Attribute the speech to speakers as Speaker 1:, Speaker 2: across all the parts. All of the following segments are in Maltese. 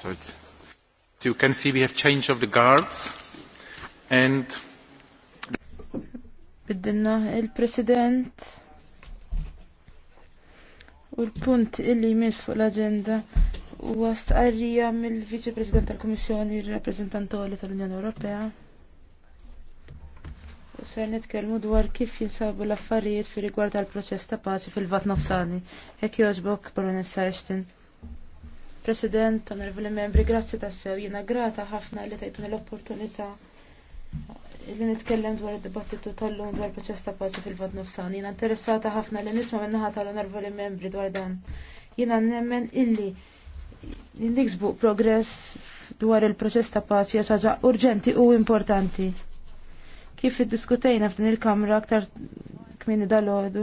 Speaker 1: So, so you can see we have change of the guards and
Speaker 2: Biddinna il-President u l-punt illi jmiss fuq l-agenda u għast mill-Viċi President tal-Komissjoni il-Rappresentantoli tal-Unjoni Ewropea ser nitkellmu dwar kif jinsabu l-affarijiet fi rigward għal proċess ta' paċi fil-vat nofsani. Hekk jogħġbok Baronessa Eshtin. President, onorevoli membri, grazzi ta' sew, jina grata ħafna li tajtuni l-opportunità li nitkellem dwar id-dibattitu tal-lum dwar proċess ta' paċi fil-vat nofsani. Jiena interessata ħafna li nisma minnaħa tal-onorevoli membri dwar dan. Jiena nemmen illi niksbu progress dwar il-proċess ta' paċi ħaġa urġenti u importanti kif iddiskutejna f'din il-kamra aktar kmini dal-ħodu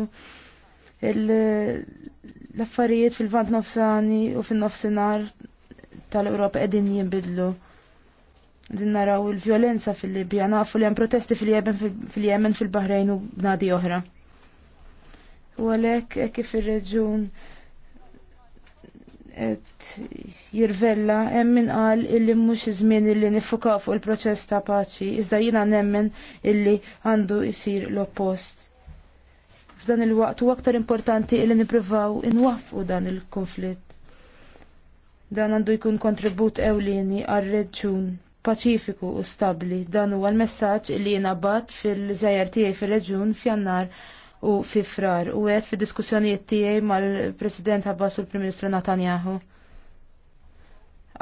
Speaker 2: l-affarijiet fil-vant nofsani u fin-nofsinar tal-Ewropa qegħdin jinbidlu. Din naraw il-vjolenza fil-Libja, nafu li hemm protesti fil-Jemen fil-Bahrejn u bnadi oħra. U għalhekk kif ir-reġun jirvella hemm min qal illi mhux żmien illi nifukaw fuq il-proċess ta' paċi, iżda jiena nemmen illi għandu jsir l-oppost. F'dan il-waqt u aktar importanti illi nippruvaw inwaffqu dan il-konflitt. Dan għandu jkun kontribut ewlieni għal reġjun paċifiku u stabbli. Dan huwa l-messaġġ illi jina bat fil-żjajjar tiegħi fir-reġjun f'Jannar u fi frar u għed fi diskussjonijiet tiegħi mal-President Abbas u l-Prim Ministru Netanyahu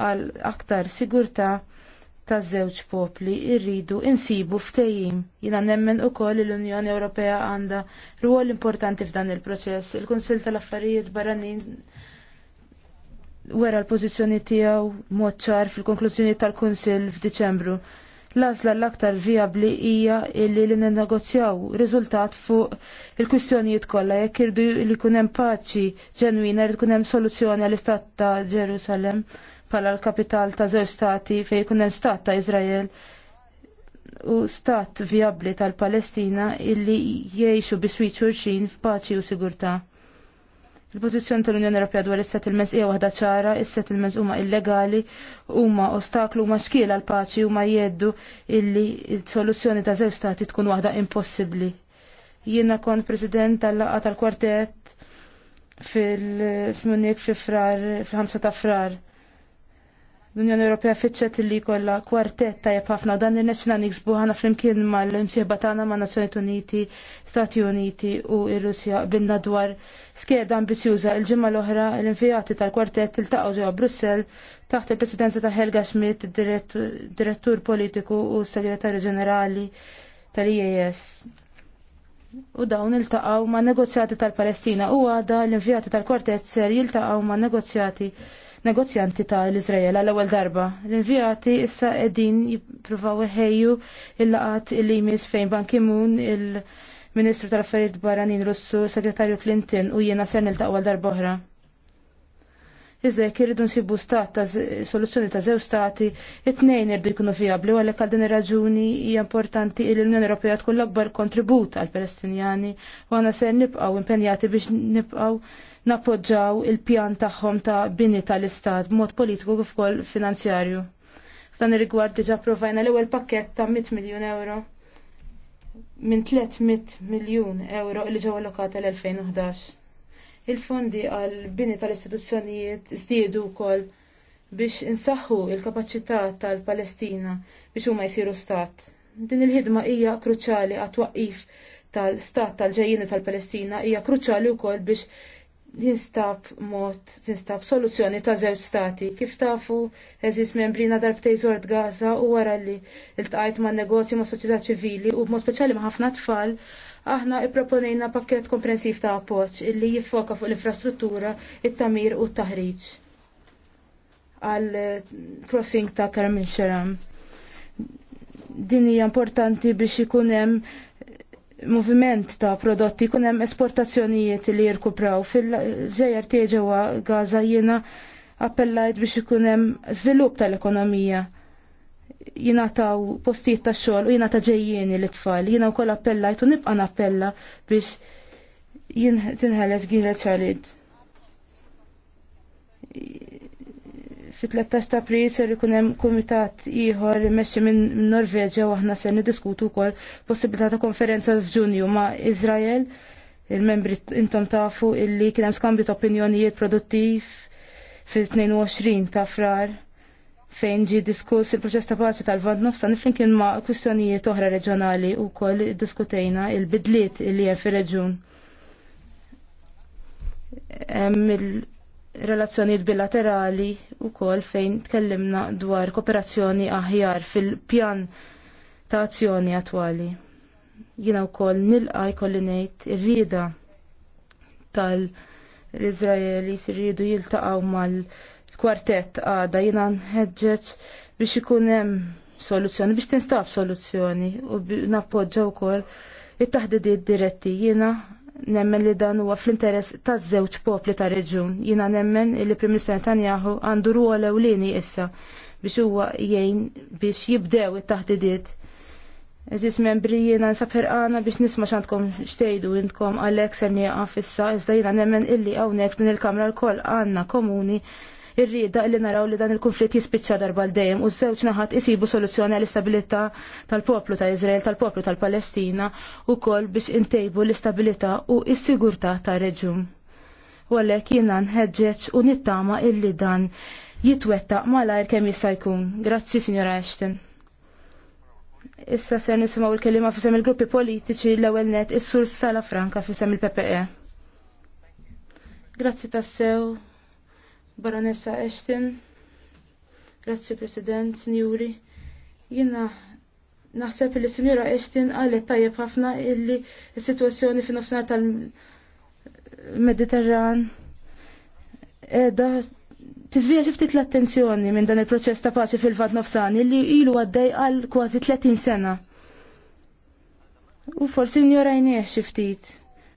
Speaker 2: għal aktar sigurta ta' żewġ popli irridu insibu ftejim. Jina nemmen u koll l-Unjoni Ewropea għanda ruol importanti f'dan il-proċess. Il-Konsil tal-Affarijiet barranin wera l-pozizjoni tiegħu mod ċar fil-konklużjoni tal-Kunsill f'Diċembru L-għażla l-aktar viabli hija illi li nenegozjaw riżultat fuq il-kwistjonijiet kollha jekk irdu li jkun hemm paċi ġenwina jrid ikun hemm soluzzjoni għall-Istat ta' Ġerusalem bħala l-kapital ta' żewġ stati fejn ikun hemm stat ta' Iżrael u stat viabli tal-Palestina illi jgħixu biswi xulxin f'paċi u sigurtà. Il-pożizzjoni tal-Unjoni Ewropea dwar is-settlements hija waħda ċara, is-settlements huma illegali, huma ostaklu huma xkiel għal paċi huma jgħiddu illi s-soluzzjoni ta' żewġ stati tkun waħda impossibbli. Jiena kont president tal-laqgħa tal-kwartett fil-Munich fi frar, fil-5 ta' frar. L-Unjoni Ewropea fitxet li kollha kwartet tajjeb ħafna dan il-nexna niksbu ħana flimkien mal-imsieħba tagħna ma' Nazzjonijiet Uniti, Stati Uniti u r-Russja binna dwar skeda ambizjuża il-ġimgħa l-oħra l-invijati tal-kwartet iltaqgħu ġewwa Brussell taħt il-presidenza ta' Helga Schmidt, direttur politiku u segretarju ġenerali tal-IAS. U dawn iltaqgħu ma' negozjati tal-Palestina u għada l-invjati tal-kwartet ser jiltaqgħu ma' negozjati negozjanti ta' l-Izraela l-ewwel darba. L-invjati issa qegħdin jippruvaw iħejju il-laqat il jmiss fejn Ban Ki-moon il-Ministru tal-Affarijiet Barranin Russu, Segretarju Clinton u jiena ser niltaqwa darba oħra. Iżda jekk irridu nsibu stat ta' soluzzjoni ta' żew stati, it-tnejn irridu jkunu viabli u għalhekk għal din ir-raġuni hija importanti li l-Unjoni Ewropea tkun l-akbar kontribut għall palestinjani u għana ser nibqgħu impenjati biex nibqgħu napoġġaw il-pjan tagħhom ta' bini tal-istat b'mod politiku kif ukoll finanzjarju. F'dan ir-rigward diġà provajna l-ewwel pakkett ta' 100 miljun euro minn 300 miljun euro li ġew allokata l-2011. Il-fondi għal bini tal-istituzzjonijiet żdiedu wkoll biex insaħħu il-kapaċità tal-Palestina biex huma jsiru stat. Din il-ħidma hija kruċjali għat-twaqqif tal-stat tal ġejjieni tal-Palestina hija kruċjali wkoll biex jinstab mod, jinstab soluzzjoni ta' żewġ stati. Kif tafu, eżis membrina darbtej zord Gaza u wara li il tajt ma' negozju ma' soċjetà ċivili u b'mod speċjali ma' ħafna tfal, aħna ipproponejna pakket komprensiv ta' appoġġ illi jiffoka fuq l-infrastruttura, il tamir u t-taħriġ għal eh, crossing ta' Karmin Sharam. Din hija importanti biex ikun hemm moviment ta' prodotti kunem hemm esportazzjonijiet li jirkupraw fil-ġejjer tieġewa Gaza jiena appellajt biex ikun hemm żvilupp tal-ekonomija jingħataw postijiet ta' xogħol u jingħata ġejjieni l-tfal. Jiena wkoll appellajt u nibqa' nappella biex tinħeles għin Xalid. Fit-13 ta' april ser ikun hemm kumitat ieħor immexxi minn Norveġja u aħna se niddiskutu wkoll possibilità ta' konferenza f'Ġunju ma' Iżrael. Il-membri intom tafu illi kien hemm skambju ta' opinjonijiet produttiv fil-22 ta' frar fejn ġi diskuss il-proċess ta' paċi tal-Vant Nofsa kien ma' kwistjonijiet oħra reġjonali wkoll iddiskutejna il-bidliet illi hemm fir-reġjun relazzjonijiet bilaterali wkoll fejn tkellimna dwar kooperazzjoni aħjar fil-pjan ta' azzjoni attwali. Jiena wkoll nilqa jkolli ngħid ir-rieda tal s rridu jiltaqgħu mal-kwartett għada jiena nħeġġeġ biex ikun hemm soluzzjoni, biex tinstab soluzzjoni u nappoġġa wkoll it-taħdidiet diretti jina nemmen li dan huwa fl-interess taż-żewġ popli ta' reġun. Jina nemmen li Prim Ministru Netanyahu għandu ruol ewlieni issa biex huwa jgħin biex jibdew it-taħdidiet. Eżis membri jiena nsabħer għana biex nisma' xantkom xtejdu intkom għalhekk ser nieqaf iżda jiena nemmen illi hawnhekk din il-Kamra l-koll għandna komuni irrieda illi naraw li dan il-konflitt jispiċċa darba l dejjem u żewġ naħat isibu soluzzjoni għall istabilità tal-poplu ta' Izrael, tal-poplu tal-Palestina u kol biex intejbu l-istabilità u s-sigurtà tar reġun. U għalhekk jiena nħeġġeġ u nittama illi dan jitwettaq malajr kemm jista' jkun. Grazzi, Signora Ashton. Issa se nisimgħu l-kelima fisem il-gruppi politiċi l-ewwel net is-sur Sala Franka fissem il-PPE. Grazzi tassew, Baronessa Ashton, grazzi President, Sinjuri, jina naħseb li Sinjura Ashton għalet tajjeb ħafna illi s-situazzjoni fin nofsinar tal-Mediterran edha tizvija xiftit l-attenzjoni minn dan il-proċess ta' paċi fil-fat nofsan illi ilu għaddej għal kważi 30 sena. U forsi jnieħ xiftit. ftit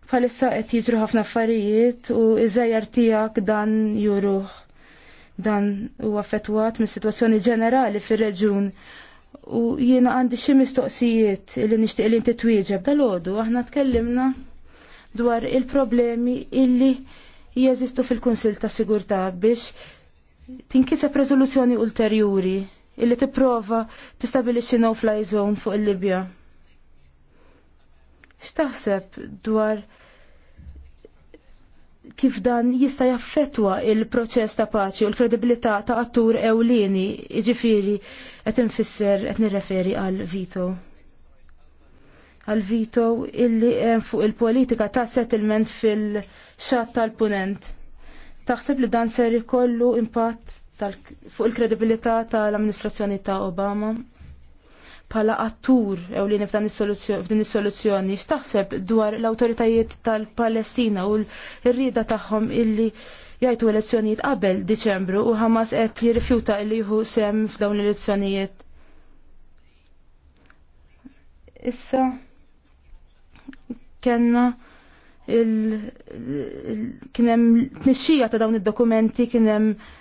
Speaker 2: Bħalissa qed jiġru ħafna affarijiet u iżajjar tiegħek dan juruh. Dan huwa affettwat mis-sitwazzjoni ġenerali fir-reġun u jiena għandi xi mistoqsijiet li nixtieq li inti twieġeb dal-għodu aħna tkellimna dwar il-problemi illi jeżistu fil-Kunsil ta' Sigurtà biex tinkiseb rezoluzzjoni ulterjuri illi tipprova tistabilixxi no-fly zone fuq il-Libja. X'taħseb dwar kif dan jista jaffetwa il-proċess ta' paċi u l-kredibilità ta' attur ewlieni, jiġifieri qed infisser qed nirreferi għal vito. Għal vito illi hemm fuq il-politika ta' settlement fil-xat tal-punent. Taħseb li dan ser ikollu impatt fuq il-kredibilità tal-amministrazzjoni ta' Obama? pala attur ewlieni f'dan f'din is-soluzzjoni x'taħseb dwar l-awtoritajiet tal-Palestina u l-rieda tagħhom illi jgħidu elezzjonijiet qabel Diċembru u Hamas qed jirrifjuta li jieħu sem f'dawn l-elezzjonijiet. Issa kenna il, il, kienem tnixxija ta' dawn id-dokumenti kienem hemm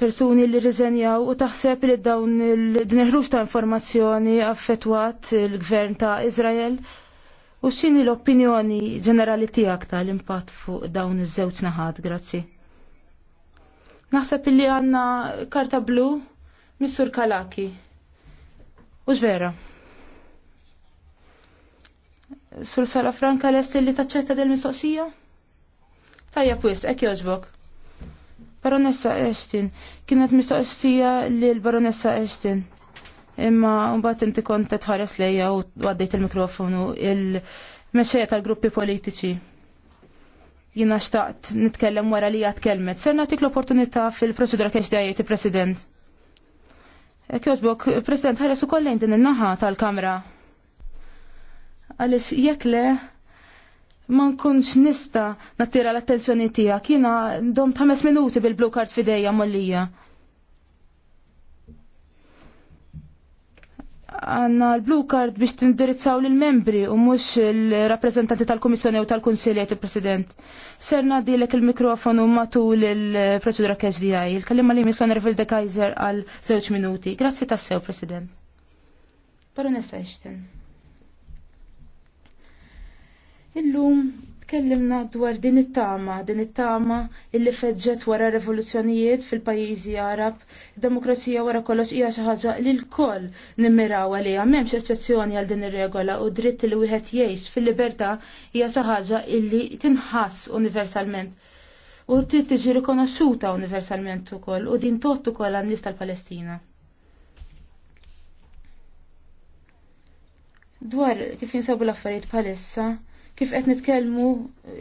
Speaker 2: persuni li riżenjaw u taħseb li dawn din il-ħruġ ta' informazzjoni affettwat il-gvern ta' Izrael u x'inhi l-opinjoni ġenerali tiegħek tal-impatt fuq dawn iż-żewġ naħat, grazzi. Naħseb li għandna karta blu Missur Kalaki. U vera. Sur Sala Franka lest li taċċetta del-mistoqsija? Tajja pwis, ekki oġbok. Baronessa Ashton, kienet mistoqsija li l-Baronessa Ashton. Imma mbagħad inti kont ħares lejja u għaddejt il-mikrofonu il-mexxejja tal-gruppi politiċi jina xtaqt nitkellem wara li kelmet. Ser natik l-opportunità fil-prosedura kiex dajiet il-President. Kjoġbok, President, ħares u kollejn din il-naħa tal-Kamra. Għalix jekk le ma nkunx nista nattira l-attenzjoni tija. Kina dom ħames minuti bil-blue card fideja mollija. Għanna l-blue card biex tindirizzaw l-membri u mux l-rappresentanti tal-Komissjoni u tal-Konsiljet il-President. Serna dilek il-mikrofonu matul il-proċedura KSDI. Il-kallima li miswan Revil de Kaiser għal zewċ minuti. Grazzi tassew, President. Baronessa Eshten. Illum tkellimna dwar din it-tama, din it-tama illi feġġet wara revoluzzjonijiet fil-pajjiżi Arab, demokrazija wara kollox hija xi ħaġa li l-koll nimmiraw għaliha m'hemmx eċċezzjoni għal din ir-regola u dritt li wieħed jgħix fil-libertà hija xi ħaġa illi tinħass universalment. U trid tiġi rikonoxxuta universalment ukoll u din tot ukoll għan-nies tal-Palestina. Dwar kif jinsabu l-affarijiet bħalissa, Kif qed nitkellmu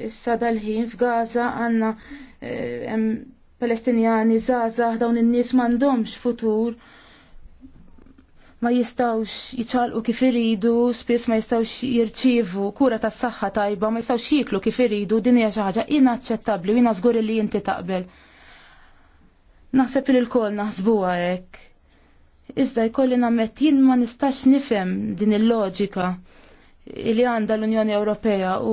Speaker 2: issa dal-ħin f'Gaza għandna eh, hemm Palestinjani żgħażagħ dawn in-nies m'għandhomx futur ma jistawx jiċalqu kif iridu, spiss ma jistawx jirċivu kura tas saħħa tajba, ma jistawx jiklu kif iridu, din hija xi ħaġa inaċċettabbli u jiena żgur li inti taqbel. Naħseb li kol naħsbuha hekk. Iżda jkolli nammet jien ma nistax nifhem din il-loġika li għanda l-Unjoni Ewropea u,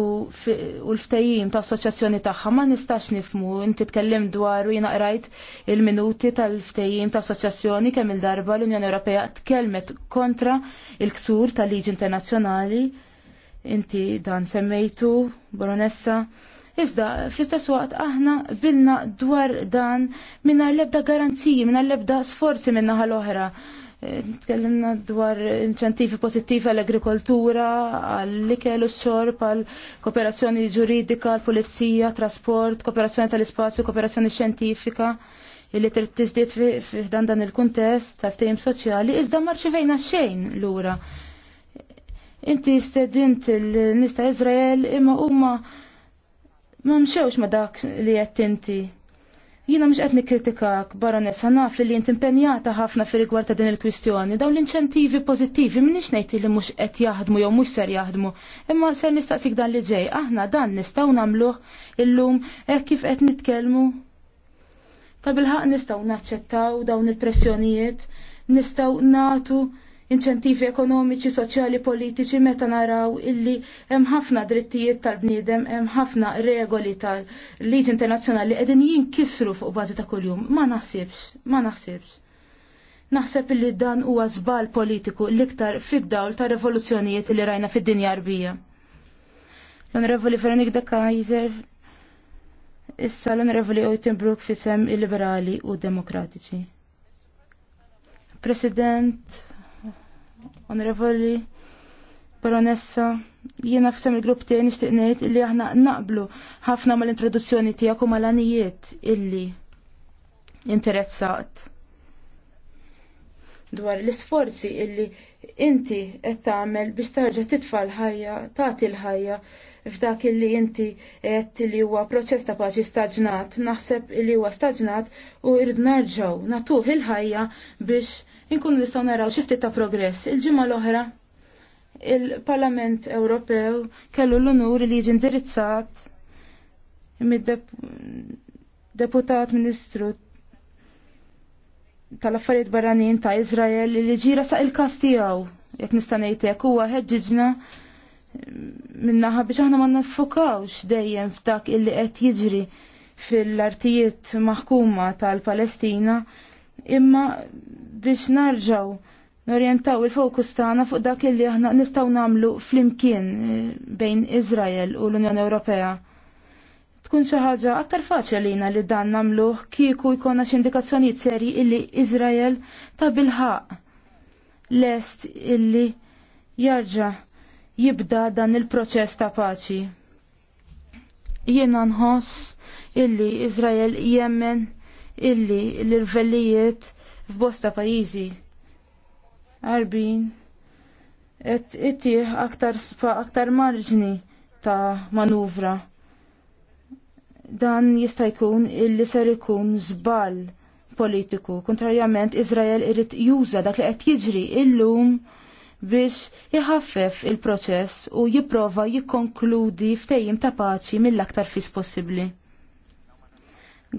Speaker 2: l-ftajim ta' assoċjazzjoni tagħha ma nistax nifmu inti tkellem dwar u jiena qrajt il-minuti tal-ftajim ta' assoċjazzjoni kemm il-darba l-Unjoni Ewropea tkellmet kontra il-ksur tal-liġi internazzjonali inti dan semmejtu Baronessa Iżda, fl-istess waqt aħna bilna dwar dan minna l-ebda garanziji, minna l-ebda sforzi minna ħal-oħra. Tkellimna dwar inċentivi pozittivi għall-agrikoltura, għall-ikel u s xorb għall-kooperazzjoni ġuridika, għall-pulizija, trasport, kooperazzjoni tal-ispazju, kooperazzjoni xjentifika illi trid tiżdied f'dan dan il-kuntest tal-tejm soċjali, iżda marċivejna xejn lura. Inti stedint il-nista Izrael imma huma ma mxewx ma dak li qed inti. Jina mx qed nikkritikak baronessa naf li jint impenjata ħafna fi rigward ta' din il-kwistjoni. Dawn l-inċentivi pożittivi minix nejti li mhux qed jaħdmu jew mhux ser jaħdmu. Imma ser nistaqsik dan li ġej. Aħna dan nistgħu nagħmluh illum hekk kif qed nitkellmu. Ta' bil-ħaq nistgħu naċċettaw dawn il-pressjonijiet, nistgħu natu inċentivi ekonomiċi, soċjali, politiċi meta naraw illi hemm ħafna drittijiet tal-bniedem, hemm ħafna regoli tal-liġi internazzjonali qegħdin jinkisru fuq bażi ta' kuljum. Ma naħsibx, ma naħsibx. Naħseb illi dan huwa żbal politiku l-iktar fid-dawl ta' revoluzzjonijiet li rajna fid-dinja arbija. L-Onorevoli Veronik de Kaiser, issa l-Onorevoli Oitenbrook fisem il-Liberali u Demokratiċi. President, onorevoli baronessa, jiena f'sem il-grupp tiegħi nixtieq ngħid illi aħna naqblu ħafna mal-introduzzjoni tiegħek u mal-għanijiet illi interessat dwar l-isforzi illi inti qed tagħmel biex tarġa' titfa' l-ħajja, tagħti l-ħajja f'dak illi inti qed li huwa proċess ta' paċi staġnat, naħseb li huwa staġnat u irrid nerġgħu natuh il-ħajja biex inkunu nistgħu naraw xi ftit ta' progress. Il-ġimgħa l-oħra il-Parlament Ewropew kellu l-unur li jiġi indirizzat mid-deputat Ministru tal-affarijiet barranin ta' Izrael li ġira sa' il-kas tiegħu jekk nista' ngħidlek huwa ħeġġiġna minnaħa biex aħna ma nfokawx dejjem f'dak illi qed jiġri fil-artijiet maħkuma tal-Palestina imma biex narġaw norjentaw il-fokus tagħna fuq dak li aħna nistgħu nagħmlu flimkien eh, bejn Iżrael u l-Unjoni Ewropea. Tkun xi ħaġa aktar faċli lina li dan nagħmluh kieku jkollna xi indikazzjonijiet serji illi Iżrael ta' bilħaq lest illi jarġa' jibda dan il-proċess ta' paċi. Jiena nħoss illi Iżrael jemmen illi l-irvellijiet f'bosta pajjiżi. Arbin qed ittieħ aktar aktar marġni ta' manuvra. Dan jista' jkun illi ser ikun żball politiku. Kontrarjament, Izrael irrit juża dak li qed jiġri illum biex jħaffef il-proċess u jipprova jikkonkludi ftejjim ta' paċi mill-aktar fis possibbli.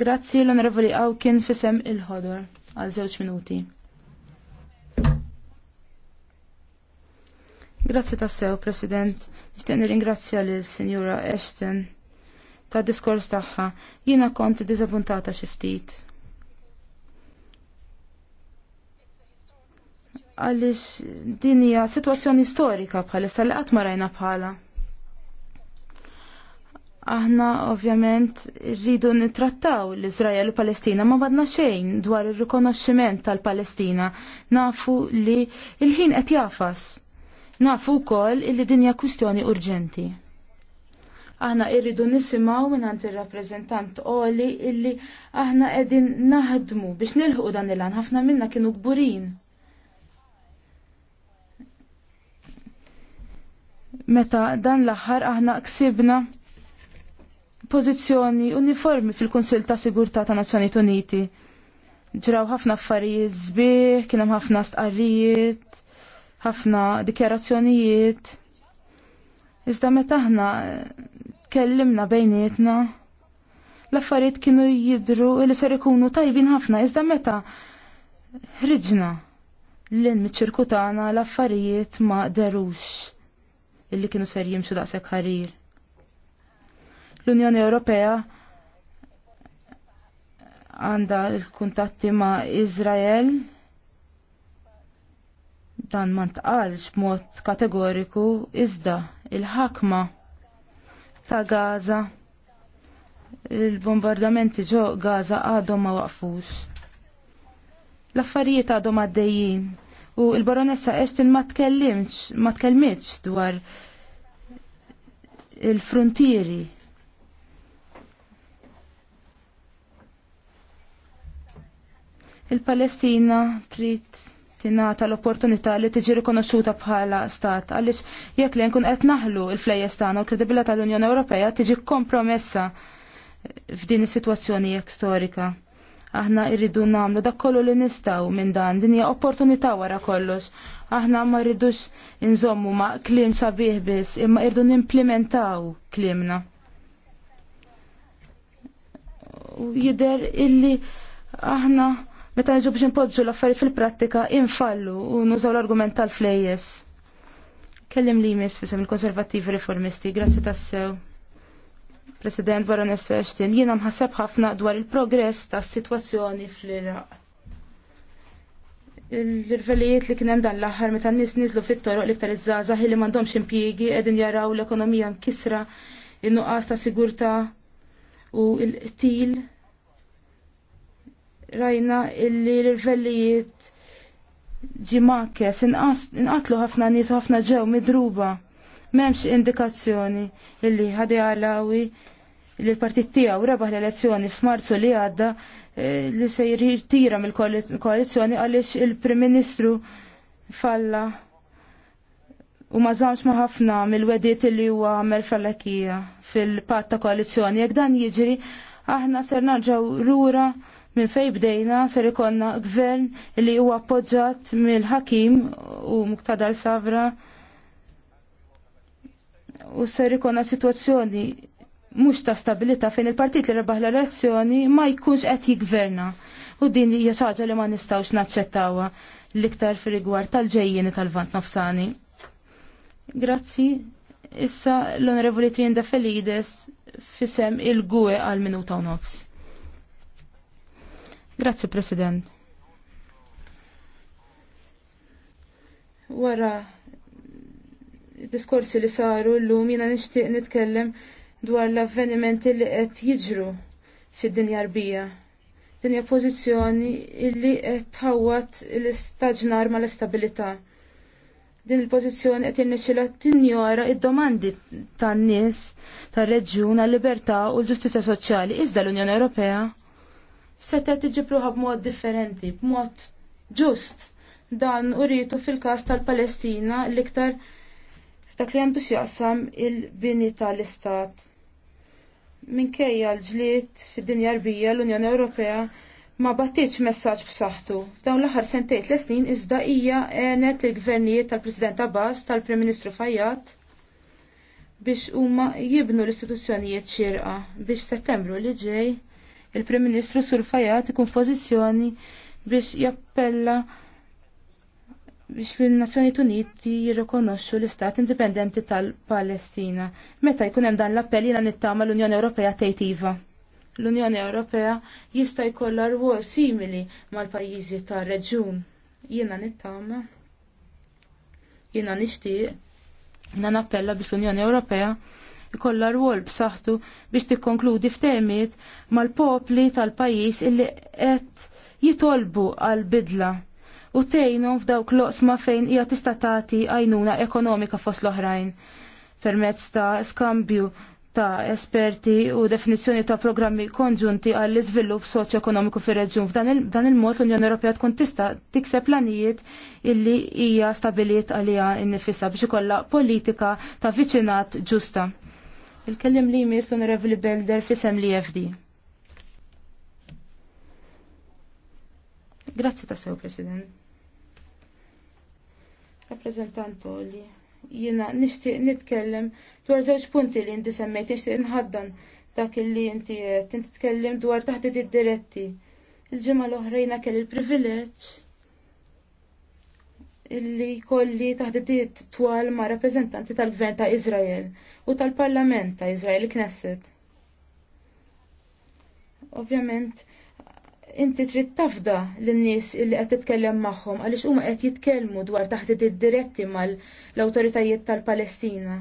Speaker 2: Grazzi l-Onorevoli Awkin fisem il-ħodor għal żewġ minuti. Grazzi tassew, President. Nixtieq nirringrazzja lil Sinjura Ashton ta' diskors tagħha. Jiena kont diżappuntata xi ftit. Għaliex din hija sitwazzjoni storika bħalissa li qatt ma rajna bħala. Aħna ovvjament rridu nittrattaw l-Izrael u Palestina ma badna xejn dwar ir-rikonoxximent tal-Palestina. Nafu li il-ħin qed jafas. Nafu wkoll li dinja kwistjoni urġenti. Aħna irridu nisimgħu mingħand ir-rappreżentant qoli illi aħna qegħdin naħdmu biex nilħu dan il-għan ħafna minna kienu kburin. Meta dan l-aħħar aħna ksibna pożizzjoni uniformi fil-Kunsill ta' Sigurtà ta' Nazzjonijiet Uniti. Ġraw ħafna affarijiet żbieħ, kien hemm ħafna stqarrijiet, ħafna dikjarazzjonijiet. Iżda meta aħna tkellimna bejnietna, l-affarijiet kienu jidru li ser ikunu tajbin ħafna, iżda meta ħriġna l-in ċirkutana l-affarijiet ma derux illi kienu ser jimxu daqshekk ħarir. L-Unjoni Ewropea għandha l-kuntatti ma' Izrael dan ma tqalx mod kategoriku iżda il-ħakma ta' Gaza il-bombardamenti ġo Gaza għadhom ma waqfux. L-affarijiet għadhom għaddejjin u il-baronessa Eshtin ma tkellimx, ma tkellmitx dwar il-frontieri Il-Palestina trid tingħata l-opportunità li tiġi rikonoxxuta bħala stat għaliex jekk li nkun qed naħlu l-flejjes tagħna u l kredibilità tal-Unjoni Ewropea tiġi kompromessa f'din is-sitwazzjoni jekk storika. Aħna rridu nagħmlu dak kollu li nistgħu minn dan din hija opportunità wara kollox. Aħna ma rridux inżommu ma' kliem sabiħ biss imma rridu nimplementaw kliemna. U jider illi aħna Meta nġu biex npoġġu l-affarijiet fil-prattika, infallu u nużaw l-argument tal-flejjes. Kellim li jmiss fisem il-konservativi riformisti, grazzi tassew. President Baronessa Ashton, jiena mħasab ħafna dwar il-progress tas sitwazzjoni fl-Iraq. L-irvelijiet li kienem dan l-aħħar meta nis nies niżlu fit-toroq li ktar iż-żgħażagħ li m'għandhomx impjiegi qegħdin jaraw l-ekonomija mkisra, in-nuqqas ta' sigurtà u l til rajna illi l-livellijiet ġimakes inqatlu ħafna nies ħafna ġew midruba. M'hemmx indikazzjoni illi ħadi għalawi li l-partit tiegħu rebaħ l-elezzjoni f'Marzu li għadda eh, li se jirtira mill-koalizzjoni għaliex il-Prim Ministru falla u mażamx żamx ma ħafna mill-wediet li huwa għamel fallakija fil patta ta' koalizzjoni. Jekk dan jiġri, aħna ser narġaw rura minn fej bdejna ser ikonna gvern li huwa appoġġat mill-ħakim u muktadar savra u ser ikonna situazzjoni mhux ta' stabilita fejn il-partit li rebaħ l-elezzjoni ma jkunx qed jigverna. U din hija ħaġa li ma nistgħux naċċettawha l-iktar fir-rigward tal-ġejjieni tal-vant nofsani. Grazzi. Issa l-Onorevoli Trinda Felides fisem il-gwe għal minuta u nofs. Grazzi, President. Wara diskorsi li saru l-lum jina nishtiq nitkellem dwar l-avvenimenti li qed jiġru fid-dinja rbija. Dinja pożizzjoni illi qed tħawat l-istaġnar ma l-istabilità. Din il-pożizzjoni qed jinnexxilha tinjora id-domandi tan-nies tar-reġjun għal libertà u l-ġustizzja soċjali iżda l-Unjoni Ewropea seta tiġipruħa b'mod differenti, b'mod ġust. Dan uritu fil-kas tal-Palestina l-iktar dak li għandu xjaqsam il-bini tal-istat. Minkejja l-ġlied fid-dinja rbija l-Unjoni Ewropea ma battiċ messaġġ b'saħħtu. F'dawn l-aħħar sentejn tliet snin iżda hija għenet il-gvernijiet tal-President Abbas tal-Prim Ministru Fajat, biex huma jibnu l-istituzzjonijiet xirqa biex settembru li ġej il-Prim Ministru Sur Fajat ikun pożizzjoni biex jappella biex l-Nazzjoni Uniti jirrikonoxxu l-Istat Indipendenti tal-Palestina. Meta jkun hemm dan l-appell jiena nittama l-Unjoni Ewropea tgħid iva. L-Unjoni Ewropea jista' jkollha rwol simili mal-pajjiżi tar-reġjun. Jiena nittama. Jiena nixtieq. Jiena nappella biex l-Unjoni Ewropea kollha rwol b'saħħtu biex tikkonkludi f'temiet mal-popli tal-pajjiż illi qed jitolbu għal bidla u tgħinhom f'dawk l-oqsma fejn hija tista' tagħti għajnuna ekonomika fost l-oħrajn permezz ta' skambju ta' esperti u definizzjoni ta' programmi konġunti għall iżvilupp soċjoekonomiku fir-reġjun. F'dan il-mod l-Unjoni Ewropea tkun tista' tikseb planijiet illi hija stabiliet għaliha nnifisha biex ikollha politika ta' viċinat ġusta. Il-kellim li jmiss l-Onorevoli Belder fisem li FD. Grazzi ta' sew, President. Rappresentant li jina nishtiq nitkellem dwar żewġ punti li inti semmejt, nixtieq nħaddan dak li inti qed inti tkellem dwar taħt id-diretti. Il-ġimgħa l-oħrajna kelli il privileġġ illi kolli taħt twal ma' rappreżentanti tal-gvern ta' Iżrael u tal-Parlament ta' Izrael Knesset. Ovvjament, inti trid tafda lin-nies li qed titkellem magħhom għaliex huma qed jitkellmu dwar id diretti mal-awtoritajiet tal-Palestina.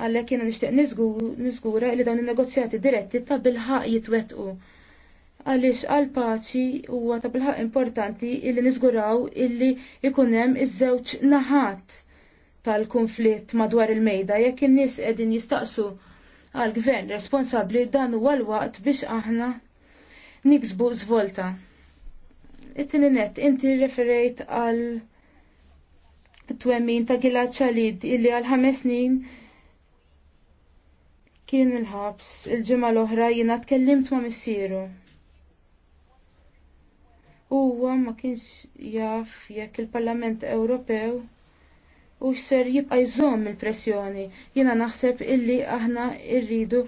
Speaker 2: Għalhekk jiena nixtieq niżgura li dawn in-negozjati diretti ta' bilħaq jitwettqu għaliex għal paċi huwa ta' bilħaq importanti illi niżguraw illi ikun hemm iż-żewġ naħat tal-konflitt madwar il-mejda jekk in-nies qegħdin jistaqsu għal gvern responsabbli dan huwa l-waqt biex aħna niksbu żvolta. It-tieni net inti referejt għal twemmin ta' Gilad Xalid illi għal ħames snin kien il-ħabs il-ġimgħa l-oħra jiena tkellimt ma' missieru huwa ma kienx jaf jekk il-Parlament Ewropew u xser jibqa jżomm il-pressjoni. Jiena naħseb illi aħna rridu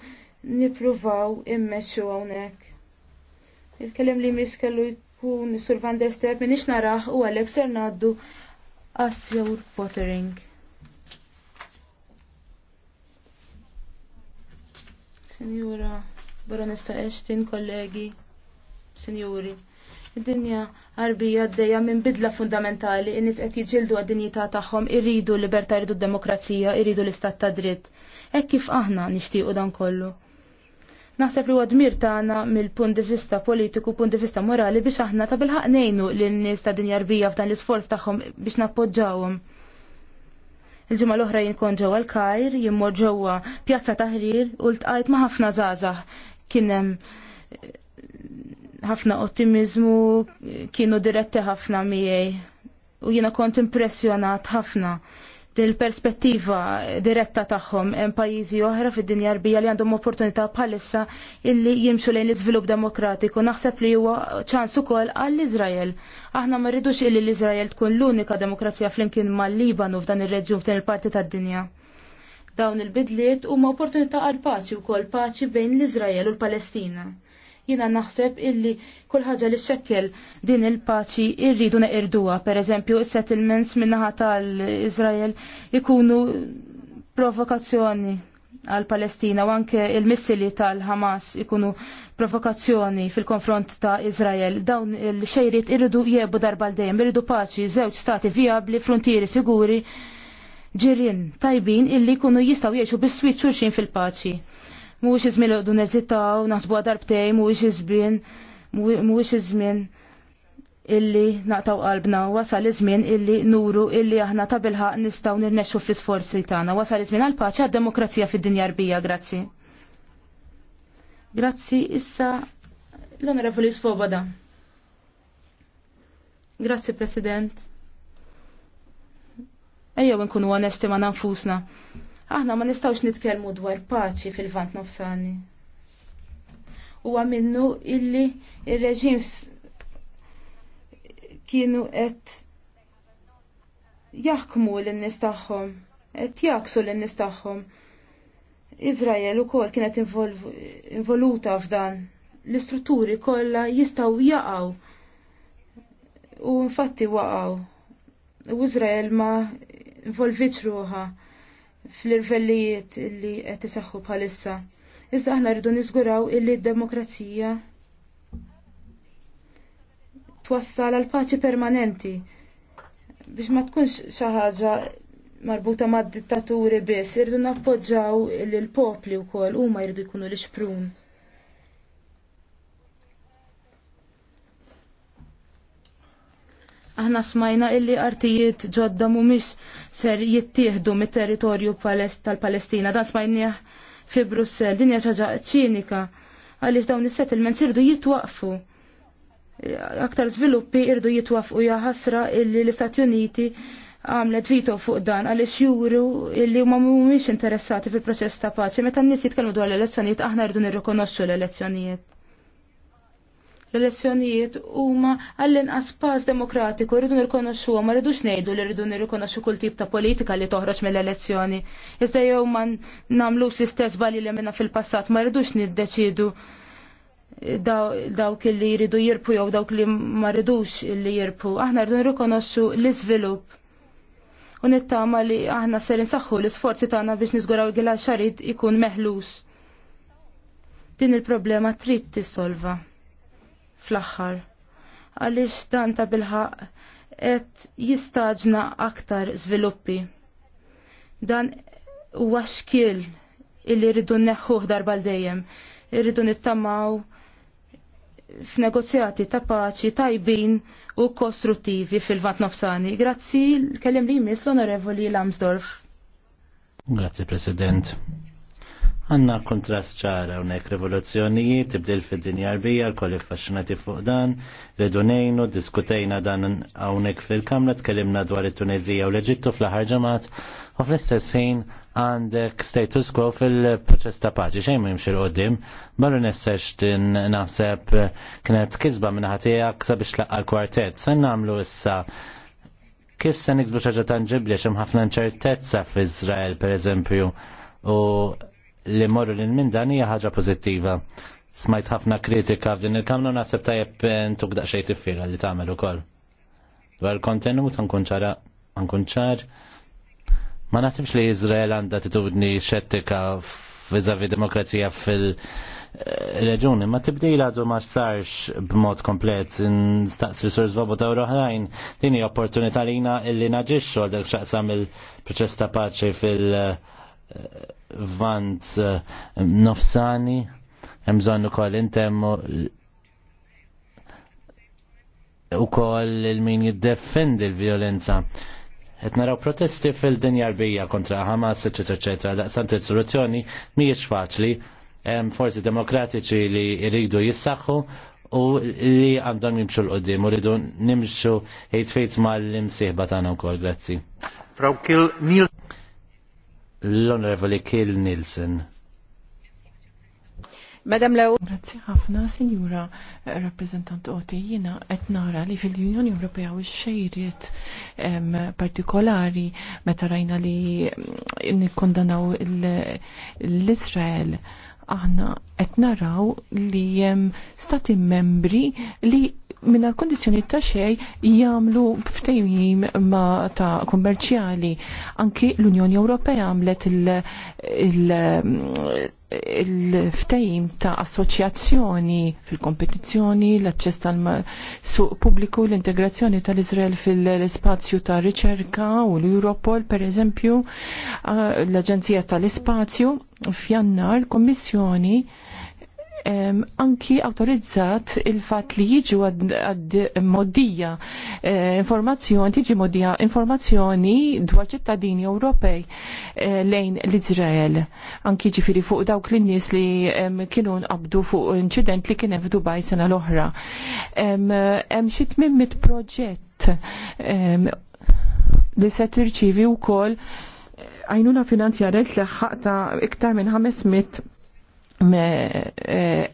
Speaker 2: nippruvaw immexxu hawnhekk. Il-kelem li mis kellu jkun Sur Van der Step minix naraħ u għalhekk ser ngħaddu għas-Sur Pottering. Sinjura, Baronessa Eshtin, kollegi, sinjuri, id-dinja Arbija d minn bidla fundamentali in-nies qed jiġildu għad-dinjità tagħhom irridu l-libertà irridu d-demokrazija, irridu l-istat ta' dritt. Hekk kif aħna nixtiequ dan kollu. Naħseb li għadmir tagħna mill-punt di vista politiku, punt di vista morali biex aħna ta' bilħaq nejnu lin-nies ta' dinja arbija f'dan l-isforz tagħhom biex nappoġġawhom. Il-ġimgħa l-oħra jinkon ġewwa l-Kajr, jimmor ġewwa Pjazza Taħrir u ltqajt ma' ħafna żgħażagħ kien hemm ħafna ottimizmu, kienu diretti ħafna miej. u jiena kont impressjonat ħafna din il-perspettiva diretta tagħhom hemm pajjiżi oħra fid-dinja rbija li għandhom opportunità bħalissa illi jimxu lejn l-iżvilupp demokratiku naħseb li huwa ċans ukoll għall iżrael Aħna ma rridux illi l-Iżrael tkun l-unika demokrazija flimkien mal-Libanu f'dan ir-reġjun f'din il-parti tad-dinja. Dawn il-bidliet huma opportunità għal paċi wkoll paċi bejn l-Iżrael u l-Palestina. Jiena naħseb illi kull li xekkel din il-paċi irridu neqirduha, pereżempju is-settlements min-naħa tal-Iżrael ikunu provokazzjoni għal Palestina u anke il-missili tal-Hamas ikunu provokazzjoni fil-konfront ta' Izrael. Dawn il-xejrit irridu jebu darba l-dejjem, irridu paċi, żewġ stati viabli, frontieri siguri ġirien tajbin illi kunu jistaw jiexu bis-swit xurxin fil-paċi mux izmin l-għodu nezitaw, nasbu għadarbtej, mux izmin, mux izmin illi naqtaw qalbna, wasal iż-żmien illi nuru illi aħna ta' bilħaq nistgħu nirnexxu fl-isforzi tagħna. Wasal iż-żmien għal paċi għad-demokrazija fid-dinja rbija, grazzi. Grazzi issa l-Onorevoli Svoboda. Grazzi President. Ejjew nkunu onesti ma' nanfusna. Aħna ma nistawx nitkellmu dwar paċi fil-vant nofsani. Huwa minnu illi il reġim kienu qed jaħkmu lin-nies tagħhom, qed jaksu lin-nies tagħhom. Izrael ukoll kienet involuta f'dan. L-istrutturi kollha jistgħu jaqgħu u infatti waqgħu u Izrael ma involvitx ruha fl-irvellijiet li qed isaħħu bħalissa. Iżda aħna rridu niżguraw illi d-demokrazija twassal għal paċi permanenti biex ma tkunx xi ħaġa marbuta mad dittaturi biss, irridu nappoġġaw lill popli wkoll huma jridu jkunu l-ixprun. Aħna smajna illi artijiet ġodda mumiex ser jittieħdu mit-territorju tal-Palestina. Dan smajnieh fi Brussel, dinja ċaġa ċinika. Għaliex dawn is-settlements irdu jitwaqfu. Aktar żviluppi irdu jitwaqfu jaħasra illi l-Istati Uniti għamlet vito fuq dan għaliex juru illi ma mhumiex interessati fil-proċess ta' paċi. Meta n-nies jitkellmu dwar l elezzjoniet aħna rridu nirrikonoxxu l-elezzjonijiet. L-elezzjonijiet huma għall-inqas pass demokratiku rridu nirkonoxxu ma rridux ngħidu li rridu nirrikonoxxu kull tip ta' politika li toħroġ mill-elezzjoni. Iżda jew ma nagħmlux l-istess bali li minna fil-passat ma rridux niddeċidu dawk li jridu jirpu jew dawk li ma rridux li jirpu. Aħna rridu nirkonoxxu l-iżvilupp u nittama li aħna ser insaħħu l-isforzi tagħna biex niżguraw il-gilal ikun meħlus. Din il-problema trid tissolva fl-aħħar. Għaliex dan ta' bilħaq qed jistaġna aktar żviluppi. Dan huwa xkiel illi rridu neħħuh darba dejjem irridu nittamaw f'negozjati ta' paċi tajbin u kostruttivi fil-vant nofsani. Grazzi, kellim li jmiss l-onorevoli Lamsdorf.
Speaker 1: Grazzi, President. Għanna kontrast ċara unek rivoluzzjonijiet, tibdil fid-dinja arbija, l-kolli fasċinati fuq dan, redunejnu, diskutejna dan għawnek fil-kamra, tkellimna dwar it-Tunezija u l-Eġittu fl-ħar ġemat, u fl-istess ħin għandek status quo fil-proċess ta' paċi, xejn ma jimxil qoddim, barru nessax tin naħseb kienet kizba minna ħatijak sabiex laqqa l-kwartet, sen namlu issa kif se nikbu xaġa tanġibli xemħafna ħafna nċertezza fi Izrael, per eżempju, u li morru lil minn dan hija ħaġa pożittiva. Smajt ħafna kritika f'din il kamlu naħseb tajjeb intuk eh, daqsxejn tiffira li tagħmel ukoll. Dwar kontenut nkun ċara nkun ċar. Ma naħsibx li Izrael għandha titudni xettika vizavi demokrazija fil-reġuni, eh, ma tibdil għadu ma sarx b'mod komplet, nstaqs risurs vobu ta' uroħrajn, dini opportunita li jina illi naġiċu għal dak xaqsam il-proċess ta' paċi fil- vant eh, nofsani, hemm bżonn ukoll intemmu ukoll il-min jiddefendi l-violenza. Et naraw protesti fil-dinja rbija kontra Hamas, eccetera, eccetera, daqsant il-soluzzjoni mhijiex faċli, forsi demokratiċi li jridu jissaxu u li għandhom jimxu l-qoddim u rridu nimxu jitfejt mal-imsieħba tagħna wkoll, grazzi. Frau Kill, l-Onorevoli Kiel Nielsen.
Speaker 3: Madam Law. Grazzi ħafna, Sinjura Rappresentant Oti, jina qed nara li fil-Unjoni Ewropea u xejriet partikolari meta rajna li nikkondanaw l israel l izrael aħna qed naraw li hemm stati membri li minna għal kondizjoni ta' xej jagħmlu ftejjim ma' ta' kommerċjali. Anki l-Unjoni Ewropea għamlet il-ftejjim ta' assoċjazzjoni fil-kompetizzjoni, l-aċċess tal-suq pubbliku, l-integrazzjoni tal-Izrael fil-spazju ta' riċerka u l-Europol, per eżempju, l-Aġenzija tal-Ispazju, f'jannar l-Kommissjoni um, anki autorizzat il-fat li jiġu għad moddija eh, informazzjoni, tiġi moddija informazzjoni dwar ċittadini Ewropej eh, lejn l-Izrael. Anki ġifiri fuq dawk l nies li um, kienu nqabdu fuq incident li kien f'Dubaj sena l-oħra. Hemm um, xi tmimmit proġett um, li se u wkoll għajnuna finanzjarjat li ħaqta iktar minn 500 e,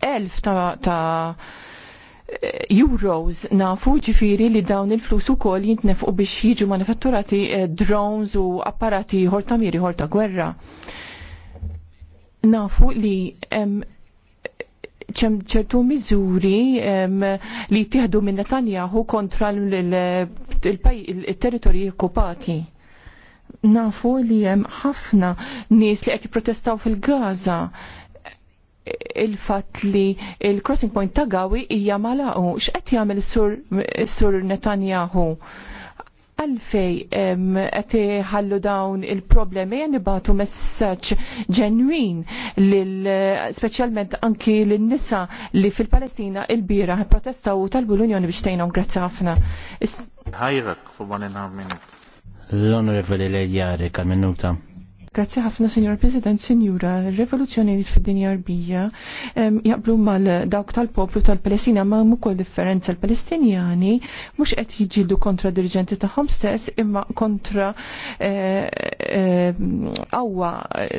Speaker 3: elf ta', ta e, euros nafu ġifiri li dawn il-flus u kol jintnefqu biex jiġu manifatturati e, drones u apparati ħorta miri ħorta gwerra. Nafu li ċem ċertu miżuri li tieħdu minn Netanyahu kontra il-territorji okkupati nafu li hemm ħafna nies li qed jipprotestaw fil-Gaza il-fatt li il-crossing point ta' Gawi hija malaqu. X'qed jagħmel sur Netanyahu? għalfej qed ħallu dawn il-problemi jen nibatu messaġġ ġenwin lil speċjalment anki lin nisa li fil-Palestina il-bira protestaw talbu l-Unjoni biex tgħinhom grazzi ħafna.
Speaker 1: Ħajrak for one and a half l-onorevoli Lejjari kal-minuta.
Speaker 3: Grazzi ħafna, Signor President, Signora, rivoluzzjoni fid-dinja arbija jaqblu mal dawk tal-poplu tal-Palestina ma mu kol differenza l-Palestinjani mux qed jiġildu kontra dirigenti tagħhom stess imma kontra eh, eh, awwa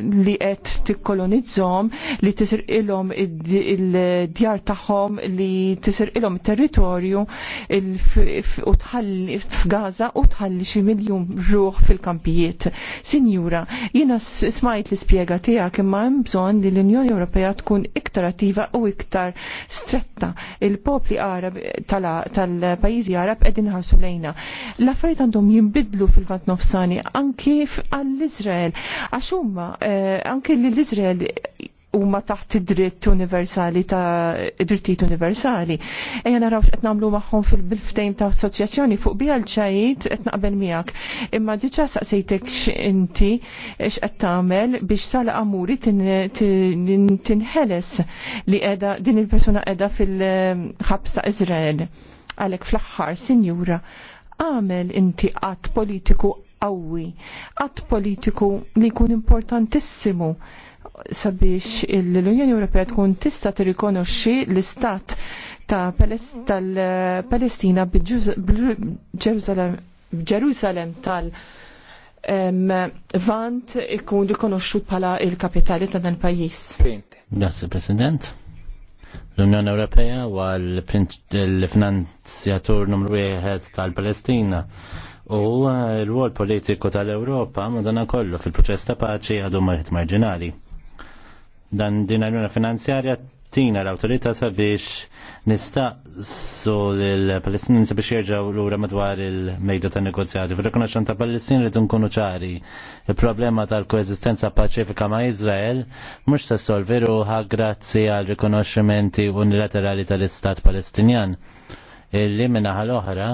Speaker 3: li qed tikkolonizzhom li tisir ilhom il-djar tagħhom li tisir it territorju u tħalli f'Gaza u tħalli xi miljun ruħ fil-kampijiet. Signora, jien Jiena smajt li spiega tiegħek imma hemm bżonn li l-Unjoni Ewropea tkun iktar attiva u iktar stretta. Il-popli Arab tal-pajjiżi Arab qegħdin ħarsu lejna. L-affarijiet għandhom jinbidlu fil-vant nofsani anki għall-Iżrael għax huma eh, anki l-Iżrael huma taħt id-dritt universali ta' id-drittijiet universali. Ejja naraw qed nagħmlu magħhom fil bilftejn ta' assoċjazzjoni fuq biha l qed naqbel miegħek. Imma diġà saqsejtek x'inti x'qed tagħmel biex sala amuri tinħeles li qiegħda din il-persuna qiegħda fil-ħabs ta' Iżrael. Għalhekk fl-aħħar, sinjura, għamel inti qatt politiku qawwi, qatt politiku li jkun importantissimu sabiex l-Unjoni Ewropea tkun tista' tirrikonoxxi l-istat ta' tal-Palestina b'Ġerusalem tal- Vant ikun rikonoxxut bħala il-kapitali ta' dan il pajjiż.
Speaker 1: Grazie President. L-Unjoni Ewropea huwa l-finanzjatur numru wieħed tal-Palestina u l-wol politiku tal ewropa madana kollu fil-proċess ta' paċi għadu marħit marġinali dan din għajnuna finanzjarja tina l-autorita sabiex nistaqsu l-Palestin sabiex jirġaw l-ura madwar il-mejda ta' negozjati. Fil-rekonaxxan ta' Palestin rridu nkunu ċari. Il-problema tal-koezistenza paċifika ma' Izrael mux se solviru ħa grazzi għal rikonoxximenti unilaterali tal-Istat Palestinjan. Illi minna ħal-oħra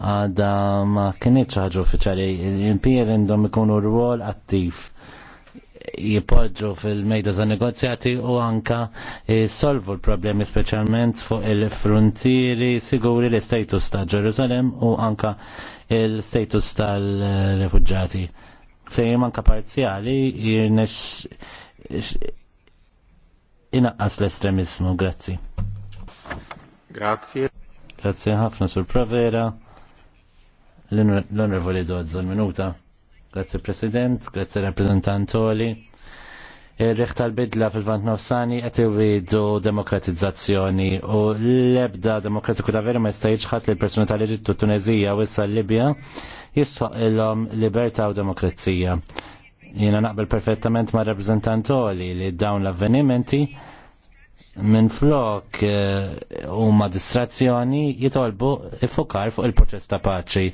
Speaker 1: għadha ma kienieċ ħaġa uffiċali, l impier indom ikunu rwol attiv jipoġġu fil-mejda ta' negozjati u anka solvu l-problemi speċjalment fuq il-frontieri siguri l-status ta' Ġerusalem u anka l status tal-refugġati. Fejn anka parzjali jirnex inaqqas l-estremismu. Grazzi. Grazie. Grazie ħafna sur Provera. L-onorevoli dozzon minuta. Grazzi President, grazzi rappresentantoli. Ir-riħ tal-bidla fil-vant nofsani qed iwidu demokratizzazzjoni u l-ebda demokratiku ta' veru ma jista' jiġħad li l-persuna tal-Eġittu Tunezija u issa l-Libja jisħaq ilhom libertà u demokrazija. Jiena naqbel perfettament ma' rappresentantoli li dawn l-avvenimenti minn flok eh, u ma distrazzjoni jitolbu ifukar fuq il-proċess ta' paċi.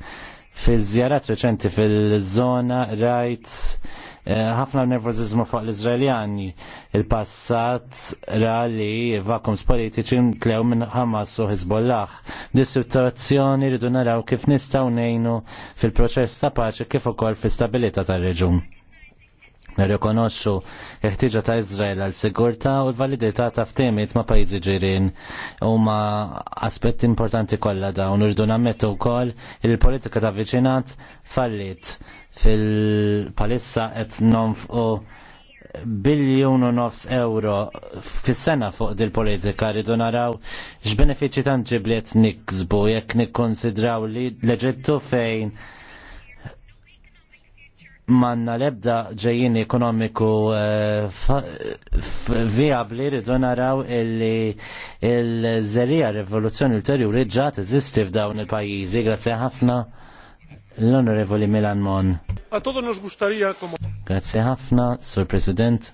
Speaker 1: Fil-żjarat reċenti fil-żona rajt eh, ħafna eh, nervożizmu fuq l-Izraeljani. Il-passat ra li vakums politiċi mklew minn Hamas u Hezbollah. dis situazzjoni rridu naraw kif nistgħu ngħinu fil-proċess ta' paċi kif ukoll fil istabilità tar reġjun nirrikonoxxu il-ħtiġa ta' Izrael għal sigurta u l-validità ta' ftemiet ma' pajjiżi ġirien huma aspetti importanti kollha dawn irdu nammettu wkoll il-politika ta' viċinat fallit fil-palissa qed nonfqu biljun u nofs euro fis-sena fuq dil politika rridu naraw x'benefiċċji tant ġibliet nikzbu jekk nikkonsidraw li l-Eġittu fejn manna lebda ġejjin ekonomiku eh, viabli rridu naraw illi il-żerija rivoluzzjoni ulterjuri ġa teżisti f'dawn il-pajjiżi. Grazzi ħafna l-Onorevoli Milan Mon. A todos nos gustaría como Grazie ħafna, Sur President.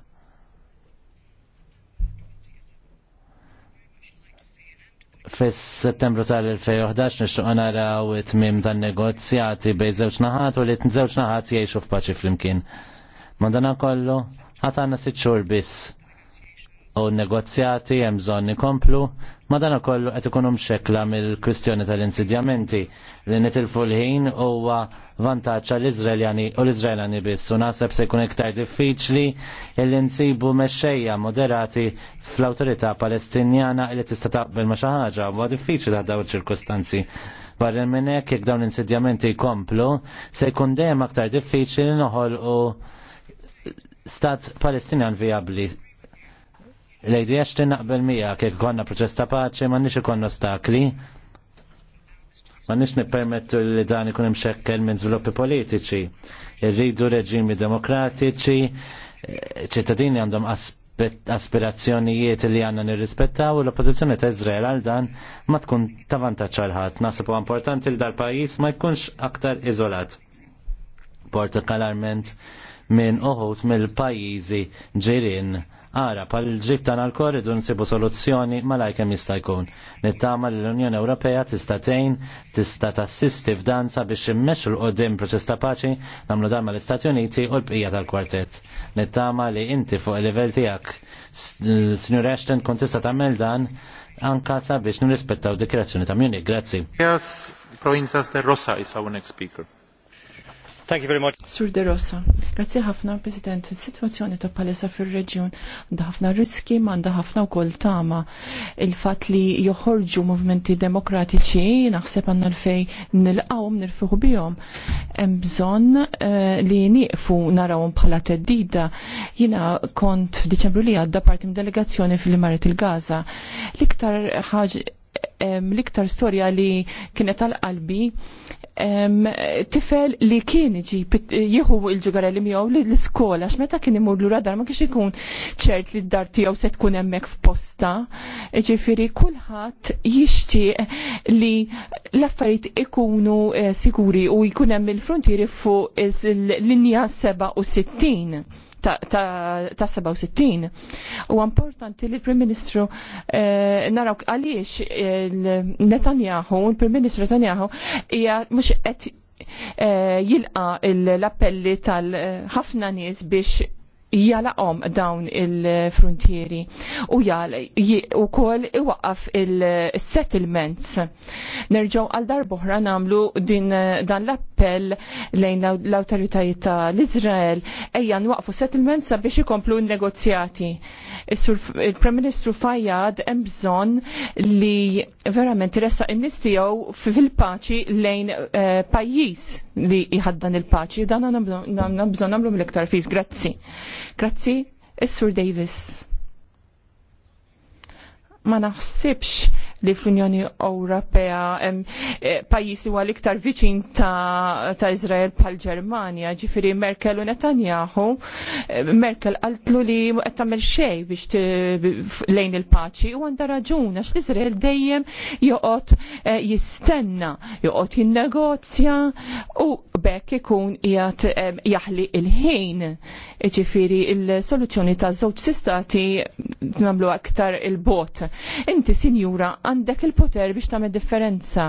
Speaker 1: fis settembru tal-2011 nixtuq naraw it-tmim tan negozjati bej żewġ naħat u li żewġ naħat jgħixu f'paċi flimkien. Mandana kollu, għandna sitt xhur biss u negozjati hemm bżonn ikomplu, ma dan ukoll qed ikun xekla mill-kwistjoni tal-insidjamenti li nitilfu l-ħin huwa vantaġġ għall iżraljani u l-Iżraeljani biss u naħseb se jkun iktar diffiċli li nsibu mexxejja moderati fl-awtorità Palestinjana li tista' taqbel ma xi ħaġa huwa diffiċli għal dawn ċirkustanzi. Barra minn hekk jekk dawn l-insidjamenti jkomplu se jkun dejjem aktar diffiċli noħolqu stat Palestinjan viabli L-idea xti naqbel mija kek konna proċess ta' paċi ma' nix ikon ostakli. Ma' nix nipermettu li dan ikun imxekkel minn zviluppi politiċi. Irridu reġimi demokratiċi, ċittadini għandhom aspirazzjonijiet li għanna nirrispettaw u l-oppozizjoni ta' Izrael għal dan ma tkun ta' vantaġġ għal ħadd. importanti li dal-pajjiż ma jkunx aktar iżolat. Partikolarment minn uħut mill-pajjiżi ġirin Ara, pal ġib tan għal-korridu nsibu soluzzjoni malaj kemm jista' jkun. Nittama l-Unjoni Ewropea tista' tgħin, tista' tassisti f'dan biex immexxu l qoddim proċess ta' paċi nagħmlu dan mal-Istati Uniti u l-bqija tal-kwartett. Nittama li inti fuq il-livell tiegħek, Sinjur Ashton, kont tista' tagħmel dan anka sabiex nirrispettaw dikrazzjoni ta' Munich. Grazzi. Yes, Provinzas de Rosa is our next speaker. Thank you very much. Sur
Speaker 3: De Rossa, grazzi ħafna, President. Situazzjoni ta' palesa fil-reġjun għandha ħafna riski, ma għandha ħafna wkoll tama. Il-fatt li joħorġu movimenti demokratiċi, naħseb għandna l-fej nilqawhom nirfuħu bihom. Hemm bżonn eh, li nieqfu narawhom bħala teddida. Jiena kont f'Diċembru li għadda parti delegazzjoni fil marit il-Gaza. L-iktar ħaġa l-iktar storja li kienet għal qalbi tifel li kien iġi jieħu il-ġugarelli miegħu l-iskola x'meta kien imur lura dar ma kienx ikun ċert li d-dar tiegħu se tkun hemmhekk f'posta. Ġifieri kulħadd jixtieq li l-affarijiet ikunu eh, sikuri u jkun hemm il-frontieri fuq l linja 67 ta' 67. U importanti li l-Prim Ministru eh, naraw għaliex Netanyahu, l-Prim Ministru Netanyahu, hija mhux qed eh, jilqa l-appelli tal-ħafna nies biex jalaqom dawn il-frontieri u jal u kol iwaqaf il-settlements nerġaw għal darbohra nagħmlu din eh, dan l-appell lejn l-awtoritajiet l Iżrael ejja nwaqfu settlement sabiex ikomplu n-negozjati. Il-Prem Ministru Fajad hemm bżonn li verament ressa n-nies fil-paċi lejn eh, pajjiż li jħaddan il-paċi. Dan għandna bżonn nagħmlu mill-iktar fiż, Grazzi. Grazzi, is-Sur Davis ma naħsibx li fl-Unjoni Ewropea hemm e, pajjiżi huwa l-iktar viċin ta', ta Izrael pal Ġermanja, ġifieri Merkel u Netanyahu. E, Merkel qaltlu li qed tagħmel xejn biex lejn il-paċi u għandha raġun għax l-Iżrael dejjem joqgħod e, jistenna, joqgħod jinnegozja u bekk ikun qiegħed jaħli il-ħin. Ġifieri il-soluzzjoni ta' żewġ sistati nagħmlu aktar il-bot. Inti sinjura għandek il-poter biex tagħmel differenza.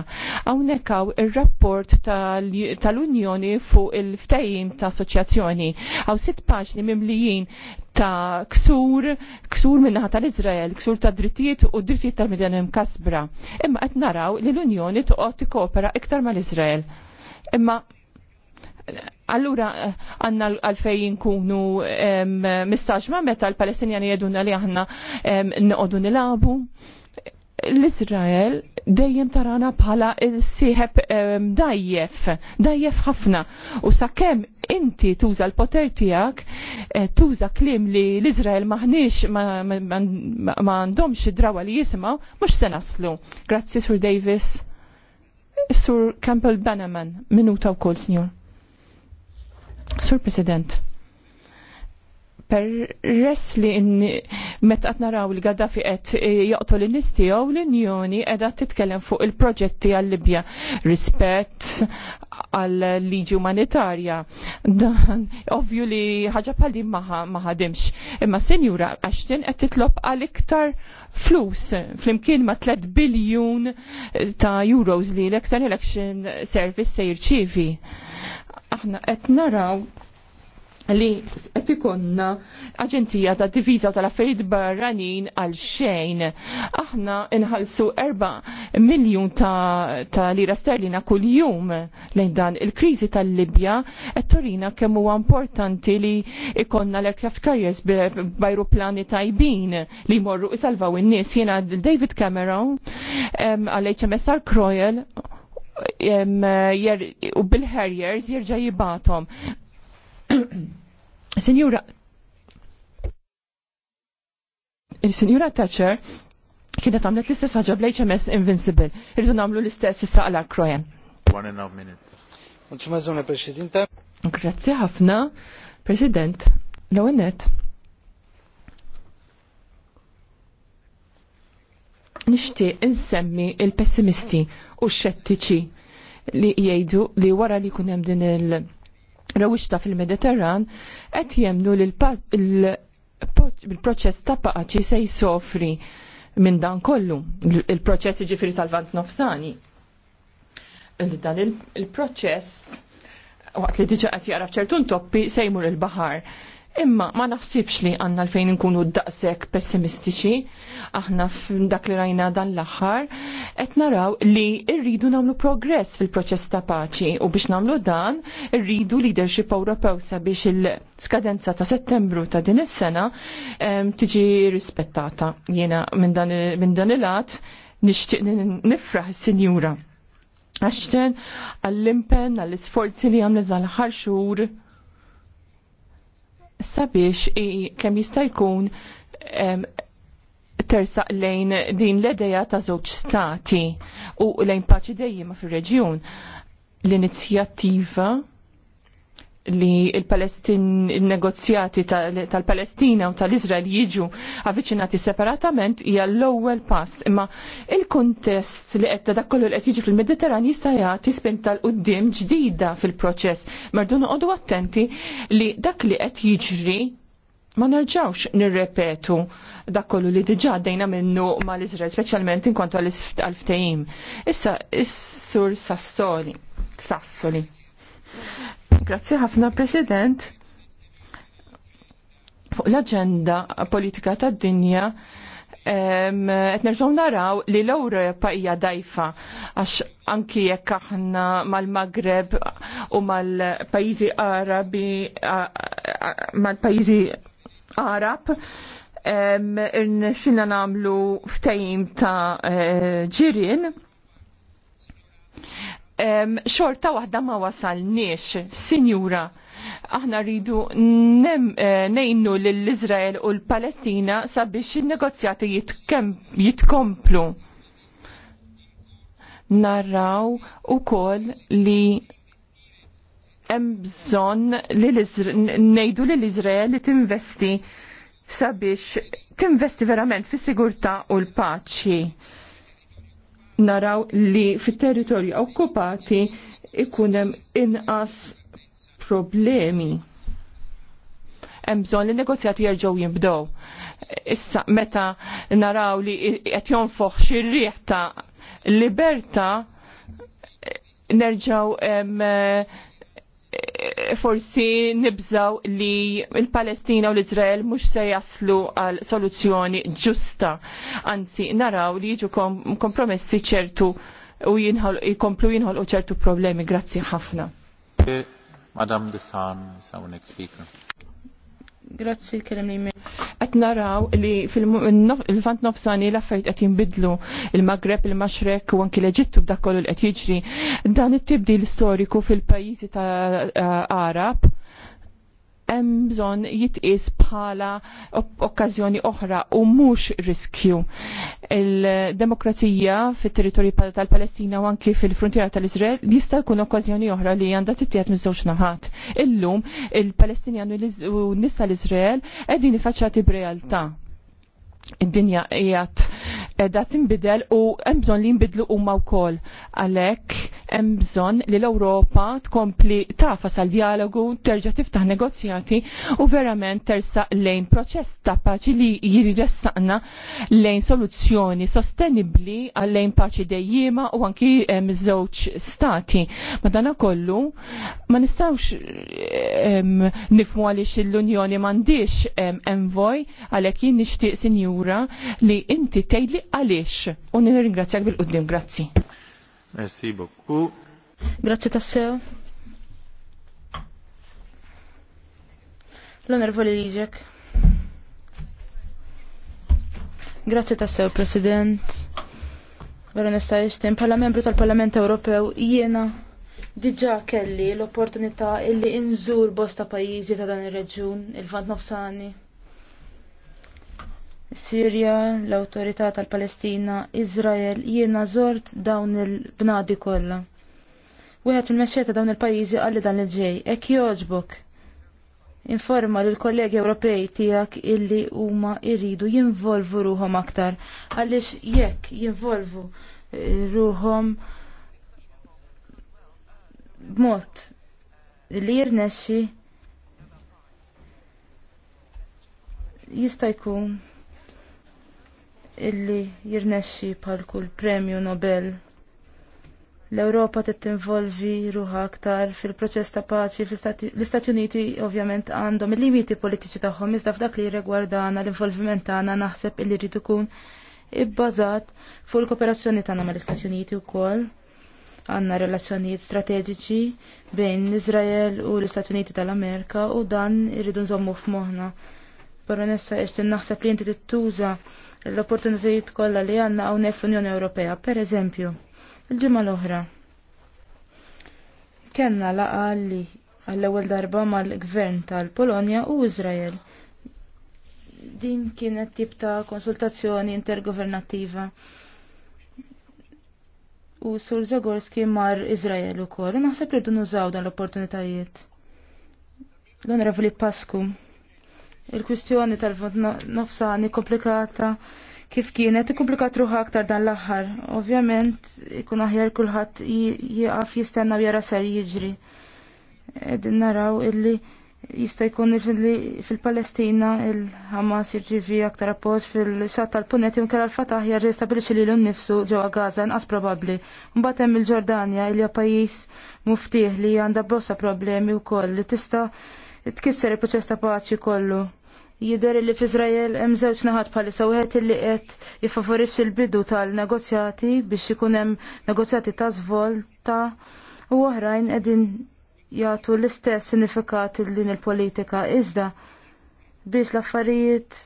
Speaker 3: Hawnhekk hawn ir-rapport tal-Unjoni fuq il-ftehim ta' assoċjazzjoni. Hawn sitt paġni mimlijin ta' ksur, ksur minnaħa tal-Izrael, ksur ta' drittijiet u drittijiet tal-Midjanem Kasbra. Imma qed naraw li l-Unjoni toqgħod tikkopera iktar mal-Izrael. Imma Allura għanna għalfej nkunu mistaġma meta l-Palestinjani jeduna li aħna nqodu nilabu l-Izrael dejjem tarana bħala sieħeb ehm, dajjef, dajjef ħafna. U sakemm inti tuża l-poter tiegħek, eh, tuża klim li l-Izrael maħniex ma għandhomx drawa li jismaw, mhux se naslu. Grazzi Sur Davis. Sur Campbell Bannerman, minuta wkoll, Sinjur. Sur President per peress li meta qed naraw li Gaddafi qed e, joqtol l nies l-Unjoni qiegħda titkellem fuq il-proġetti għal-Libja rispett għal liġi umanitarja. Dan ovvju li ħaġa bħal maħadimx. ma ħadimx. Imma senjura għaxtin qed titlob għal iktar flus flimkien ma 3 biljun e, ta' euros li l-External Election Service se jirċievi. Aħna qed naraw li qed ikonna Aġenzija ta' Diviża tal-Affarijiet Barranin għal xejn. Aħna inħallsu 4 miljun ta', ta lira sterlina kuljum lejn dan il-kriżi tal-Libja qed torina kemm huwa importanti li ikonna l-aircraft carriers b'ajruplani tajbin li jmorru isalvaw in-nies. Jiena David Cameron għal hms Royal u bil-Harriers jirġa jibatom. Sinjura il signora Thatcher kienet għamlet l-istess ħaġa bl-HMS Invincible. Irridu nagħmlu l-istess issa għal Krojan.
Speaker 1: One and a half minute. Zona Presidente.
Speaker 3: Grazzi ħafna, President. L-għonet. Nishti insemmi il-pessimisti u x-xettiċi li jgħidu li wara li kunem din il- rewixta fil-Mediterran qed jemnu li l-proċess ta' paċi se jsofri minn dan kollu, il-proċess ġifiri tal-vant nofsani. Dan il-proċess, waqt li diġa qed jara f'ċertu toppi, se jmur il-baħar Imma ma naħsibx li għanna l-fejn nkunu daqsek pessimistiċi, aħna f'dak li rajna dan l-aħħar, qed naraw li rridu nagħmlu progress fil-proċess ta' paċi u biex nagħmlu dan irridu leadership Ewropew sabiex il-skadenza ta' Settembru ta' din is-sena tiġi rispettata. Jiena minn dan il-għat nixtieq nifraħ is-sinjura. Għaxten għall-impen, għall-isforzi li dan l ħar xhur sabiex kemm jista' jkun tersaq lejn din l-edeja ta' żewġ stati u lejn paċi dejjima fir-reġjun. L-inizjattiva li il-negozjati tal-Palestina u tal-Izrael jiġu avvicinati separatament hija l-ewwel pass. Imma il-kontest li qed dak kollu li qed jiġi fil-Mediterran jista' jagħti spinta tal qudiem ġdida fil-proċess. Mardu noqogħdu attenti li dak li qed jiġri ma nerġawx nirrepetu dak kollu li diġà għaddejna minnu mal iżrael speċjalment inkontu għal-ftehim. Issa, is-sur Sassoli, Sassoli Grazzi ħafna, President. Fuq l-agenda politika tad dinja qed nerġgħu naraw li l-Ewropa hija dajfa għax anki jekk aħna mal-Magreb u mal-pajjiżi Arabi mal-pajjiżi Arab xinna namlu ftehim ta' eh, ġirien xorta waħda ma wasalniex, sinjura, aħna rridu eh, nejnu l-Izrael u l-Palestina sabiex il-negozjati jitkomplu. Narraw u kol li hemm bżonn nejdu li l-Izrael li tinvesti sabiex tinvesti verament fis sigurta u l-paċi naraw li fit-territorju okkupati ikunem inqas problemi. Hemm bżonn li negozjati jerġgħu jibdew. Issa meta naraw li qed jonfoħ xi rrieħ ta' libertà nerġgħu forsi nibżaw li il-Palestina u l-Izrael mux se jaslu għal soluzzjoni ġusta. Anzi, naraw li jiġu kom kompromessi ċertu u jkomplu jinħol u ċertu problemi. Grazzi ħafna.
Speaker 1: Madam Desan, is next speaker.
Speaker 2: Grazzi
Speaker 3: kellem li Qed naraw li fil-vant nofsani l għet qed jinbidlu il-Magreb, il mashrek u anki l-Eġittu b'dak kollu li qed jiġri. Dan it-tibdil storiku fil-pajjiżi ta' Arab hemm bżonn jitqies bħala okkażjoni oħra u mhux riskju. Il-demokrazija fit-territorju tal-Palestina u anki fil-frontiera tal-Iżrael jista' jkun okkażjoni oħra li għandha tittieħed miż-żewġ naħat. Illum il-Palestinjan u nisa l-Iżrael qegħdin ifaċċati b'realtà id-dinja qiegħed edha tinbidel u hemm bżonn li jimbidlu huma wkoll. Għalhekk hemm bżonn li l-Ewropa tkompli tafas għal dialogu, terġa' tiftaħ negozjati u verament tersaq lejn proċess ta' paċi li jirressaqna lejn soluzzjoni sostenibbli għal lejn paċi dejjima u anki żewġ stati. dana kollu ma nistawx nifmu għaliex l-Unjoni m'għandix envoj għalhekk jien nixtieq sinjura li inti tejli għaliex u
Speaker 2: nirringrazzjak bil-qoddim, grazzi.
Speaker 1: Merci beaucoup.
Speaker 2: Grazzi tassew. L-onorevoli liġek. Grazzi tassew, President. Veronessa Ixtin, pala membru tal-Parlament Ewropew, jiena diġa kelli l-opportunità illi inżur bosta pajizi ta' dan ir-reġjun, il-Vant Nofsani Sirja, l-Awtorità tal-Palestina, Izrael, jiena zort dawn il-bnadi kollha. Wieħed il-mexxej ta' dawn il-pajjiżi għalli dan il-ġej, hekk jogħġbok. Informa lill kollegi Ewropej tiegħek illi huma jridu jinvolvu ruhom aktar għaliex jekk jinvolvu eh, ruhom b'mod li jirnexxi jista' jkun illi jirnexxi bħal kull premju Nobel. L-Ewropa tinvolvi ruħa aktar fil-proċess ta' paċi fl-Istati Uniti ovvjament għandhom il-limiti politiċi tagħhom iżda f'dak li jirregwardana l-involviment tagħna naħseb illi jrid ikun ibbażat fuq il-kooperazzjoni tagħna mal-Istati Uniti wkoll. Għanna relazzjonijiet strateġiċi bejn l-Izrael u l-Istati Uniti tal-Amerika u dan irridu nżommu f'moħħna. Baronessa, eċtin naħseb li inti tittuża l-opportunitajiet kollha li għandna hawnhekk fl-Unjoni Ewropea. Per eżempju, il-ġimgħa l-oħra kellna laqa li għall-ewwel darba mal-gvern tal-Polonja u Iżrael. Din kienet tip ta' konsultazzjoni intergovernattiva. U Sur Zagorski mar Iżrael ukoll. Naħseb li nużaw dan l-opportunitajiet. L-Onorevoli Pasku il-kwistjoni tal-vot nofsani komplikata kif kienet komplikat ruħa aktar dan l-aħħar. Ovvjament ikun aħjar kulħadd jieqaf jistenna jara ser jiġri. Qegħdin naraw illi jista' jkun fil-Palestina il-Hamas jirċivi aktar appoġġ fil-xatt tal-Punet inkera l-Fatah jarġa' jistabilixxi lilu nnifsu ġewwa Gaza inqas probabbli. Mbagħad hemm il-Ġordanja ilja pajjiż muftih li għandha bossa problemi wkoll li tista' tkisser il-proċess ta' paċi kollu. Jider li f'Izrael hemm żewġ naħat bħalissa wieħed illi qed jiffavorixxi l-bidu tal-negozjati biex ikun hemm negozjati ta' svolta u oħrajn qegħdin jagħtu l-istess sinifikat il din il-politika iżda biex l-affarijiet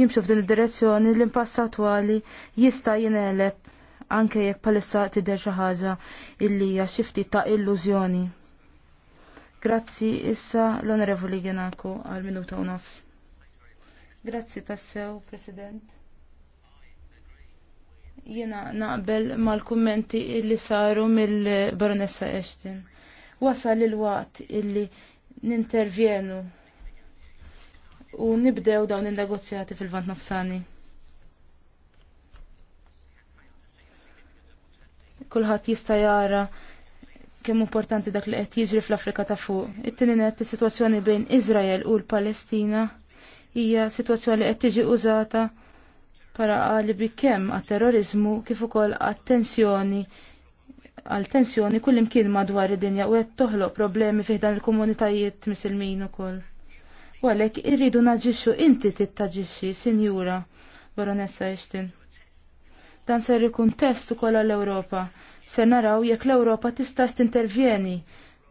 Speaker 2: jimxu f'din id-direzzjoni l-impass attwali jista' jingħeleb anke jekk bħalissa tidher xi ħaġa illi hija xi ftit ta' illużjoni. Grazzi issa l-Onorevoli Genaku għal minuta u nofs. Grazzi tassew, President. Jena naqbel mal-kummenti illi saru mill-Baronessa Ashton. Wasal il-waqt illi nintervjenu u nibdew dawn il-negozjati fil-vant nofsani. Kulħadd jista' jara kemm importanti dak li qed jiġri fl-Afrika ta' fuq. It-tieni net is-sitwazzjoni bejn Iżrael u l-Palestina hija sitwazzjoni li qed tiġi użata para qalibi kemm għat-terrorizmu kif ukoll attenzjoni tensjoni għal tensjoni kull imkien madwar id-dinja u qed toħloq problemi fih dan il-komunitajiet misilmin ukoll. U għalhekk irridu naġixxu inti tittaġixxi, Sinjura Baronessa Ixtin. Dan ser ikun test ukoll għall-Ewropa se naraw jekk l-Ewropa tistax tintervjeni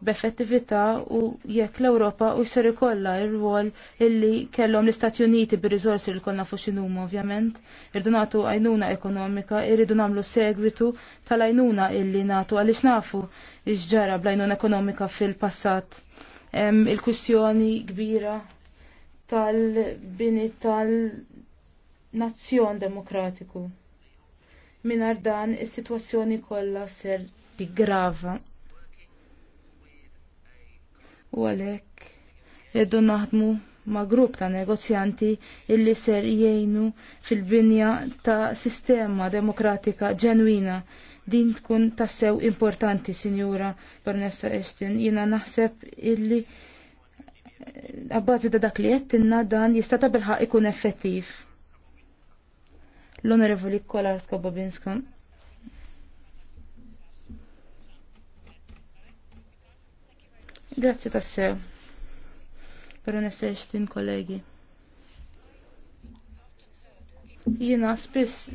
Speaker 2: b'effettività u jekk l-Ewropa u jsir ikollha r rwol illi kellhom l-Istati Uniti bir-riżorsi li konna fuq x'inhuma ovvjament. Irdu nagħtu għajnuna ekonomika, irridu nagħmlu segwitu tal-għajnuna illi nagħtu għaliex nafu x'ġara bl-għajnuna ekonomika fil-passat. Il-kwistjoni kbira tal-bini tal-nazzjon demokratiku minar dan is-sitwazzjoni kollha ser tiggrava. U għalhekk irdu naħdmu ma' grupp ta' negozjanti illi ser jgħinu fil-binja ta' sistema demokratika ġenwina. Din tkun tassew importanti, Sinjura Barnessa Estin. Jina naħseb illi eh, għabbażi da dak li jettinna dan jista' ta' bilħaq ikun effettiv l-Onorevoli Kolarsko Bobinsko. Grazie tasse Per onestestin kollegi. Jiena spiss